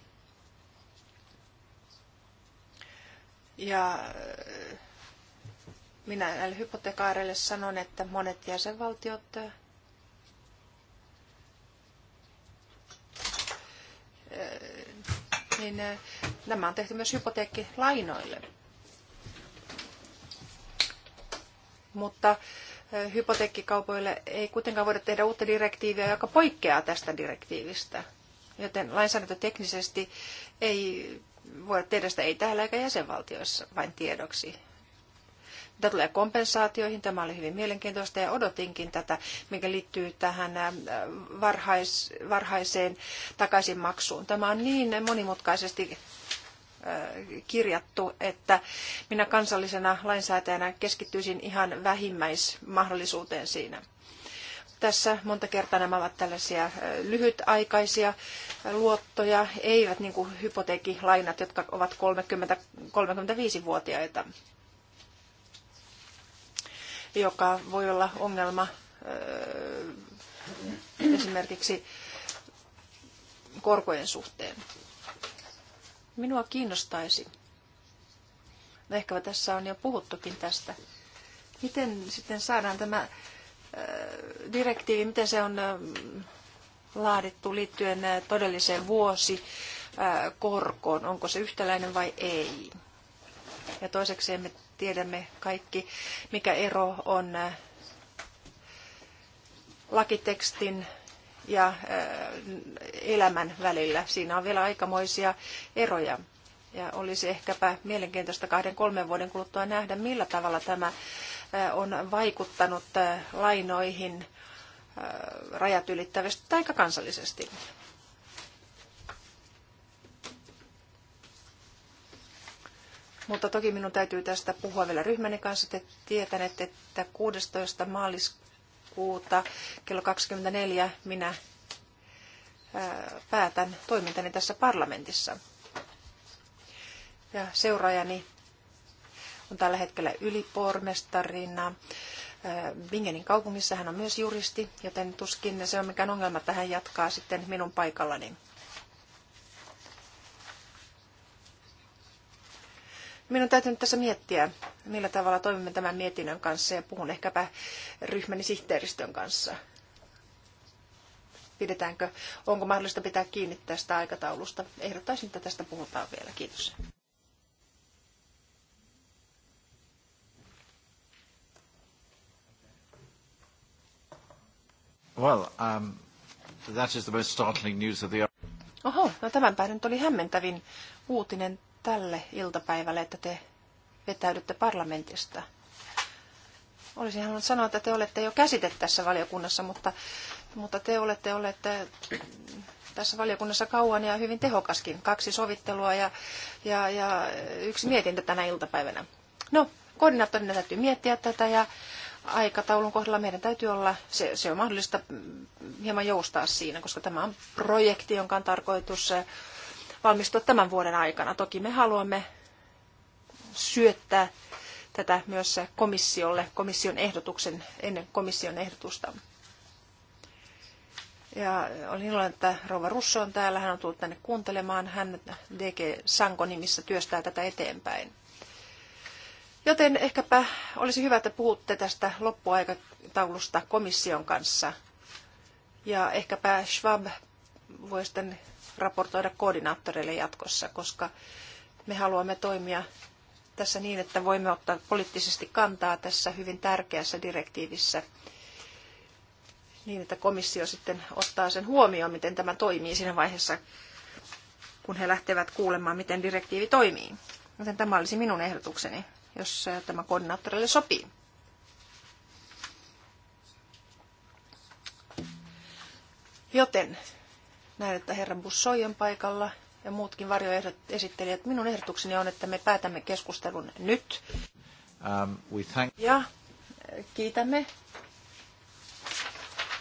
Ja äh, minä näille hypotekaareille sanon, että monet jäsenvaltiot äh, niin äh, nämä on tehty myös hypoteekkilainoille. Mutta hypoteekkikaupoille ei kuitenkaan voida tehdä uutta direktiiviä, joka poikkeaa tästä direktiivistä. Joten lainsäädäntöteknisesti ei voida tehdä sitä ei täällä eikä jäsenvaltioissa vain tiedoksi. Mitä tulee kompensaatioihin, tämä oli hyvin mielenkiintoista ja odotinkin tätä, mikä liittyy tähän äh, varhais, varhaiseen takaisinmaksuun. Tämä on niin monimutkaisesti kirjattu, että minä kansallisena lainsäätäjänä keskittyisin ihan vähimmäismahdollisuuteen siinä. Tässä monta kertaa nämä ovat tällaisia lyhytaikaisia luottoja, eivät niin kuin hypoteekilainat, jotka ovat 30-35-vuotiaita, joka voi olla ongelma esimerkiksi korkojen suhteen. Minua kiinnostaisi, ehkä tässä on jo puhuttukin tästä, miten sitten saadaan tämä äh, direktiivi, miten se on äh, laadittu liittyen äh, todelliseen vuosikorkoon, onko se yhtäläinen vai ei. Ja toiseksi me tiedämme kaikki, mikä ero on lakitekstin ja äh, elämän välillä. Siinä on vielä aikamoisia eroja. Ja olisi ehkäpä mielenkiintoista kahden kolmen vuoden kuluttua nähdä, millä tavalla tämä äh, on vaikuttanut äh, lainoihin rajat ylittävästi tai kansallisesti. Mutta toki minun täytyy tästä puhua vielä ryhmäni kanssa. Te tietäneet, että 16. maaliskuuta kuuta kello 24 minä päätän toimintani tässä parlamentissa. Ja seuraajani on tällä hetkellä ylipormestarina. Bingenin kaupungissa hän on myös juristi, joten tuskin se on mikään ongelma, että hän jatkaa sitten minun paikallani. Minun täytyy nyt tässä miettiä, millä tavalla toimimme tämän mietinnön kanssa ja puhun ehkäpä ryhmäni sihteeristön kanssa. Pidetäänkö, onko mahdollista pitää kiinni tästä aikataulusta? Ehdottaisin, että tästä puhutaan vielä. Kiitos. Well, um, that is the most startling news of the... Oho, no tämän päivän oli hämmentävin uutinen tälle iltapäivälle, että te vetäydytte parlamentista. Olisin halunnut sanoa, että te olette jo käsite tässä valiokunnassa, mutta, mutta te olette olleet eh, tässä valiokunnassa kauan ja hyvin tehokaskin. Kaksi sovittelua ja, ja, ja yksi mietintä tänä iltapäivänä. No, koordinaattorina täytyy miettiä tätä ja aikataulun kohdalla meidän täytyy olla, se, se on mahdollista mm, hieman joustaa siinä, koska tämä on projekti, jonka on tarkoitus eh, valmistua tämän vuoden aikana. Toki me haluamme syöttää tätä myös komissiolle, komission ehdotuksen, ennen komission ehdotusta. Ja olin iloinen, että Rova Russo on täällä. Hän on tullut tänne kuuntelemaan. Hän DG Sanko nimissä työstää tätä eteenpäin. Joten ehkäpä olisi hyvä, että puhutte tästä loppuaikataulusta komission kanssa. Ja ehkäpä Schwab voi sitten raportoida koordinaattoreille jatkossa, koska me haluamme toimia tässä niin, että voimme ottaa poliittisesti kantaa tässä hyvin tärkeässä direktiivissä niin, että komissio sitten ottaa sen huomioon, miten tämä toimii siinä vaiheessa, kun he lähtevät kuulemaan, miten direktiivi toimii. Joten tämä olisi minun ehdotukseni, jos tämä koordinaattorille sopii. Joten Näen, että herra Bussoi on paikalla ja muutkin varjoesittelijät. Minun ehdotukseni on, että me päätämme keskustelun nyt. Um, thank... Ja eh, kiitämme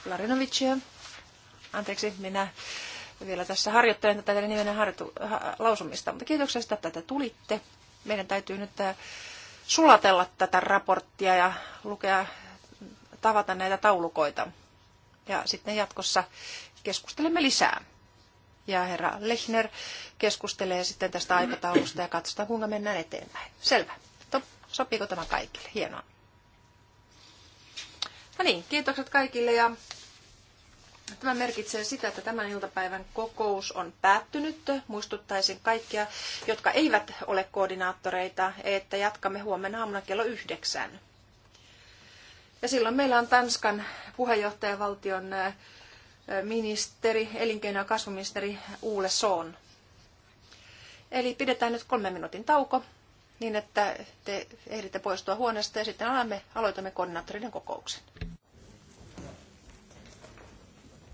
Larinovicia. Anteeksi, minä vielä tässä harjoittelen tätä teidän nimenä harjoitu, ha, lausumista, mutta kiitoksia sitä, että tulitte. Meidän täytyy nyt eh, sulatella tätä raporttia ja lukea, tavata näitä taulukoita. Ja sitten jatkossa keskustelemme lisää. Ja herra Lechner keskustelee sitten tästä aikataulusta ja katsotaan, kuinka mennään eteenpäin. Selvä. To, sopiiko tämä kaikille? Hienoa. No niin, kiitokset kaikille ja Tämä merkitsee sitä, että tämän iltapäivän kokous on päättynyt. Muistuttaisin kaikkia, jotka eivät ole koordinaattoreita, että jatkamme huomenna aamuna kello yhdeksän. Ja silloin meillä on Tanskan puheenjohtajavaltion ministeri, elinkeino- ja kasvuministeri Uule Soon. Eli pidetään nyt kolmen minuutin tauko niin, että te ehditte poistua huoneesta ja sitten alamme, aloitamme koordinaattoriden kokouksen.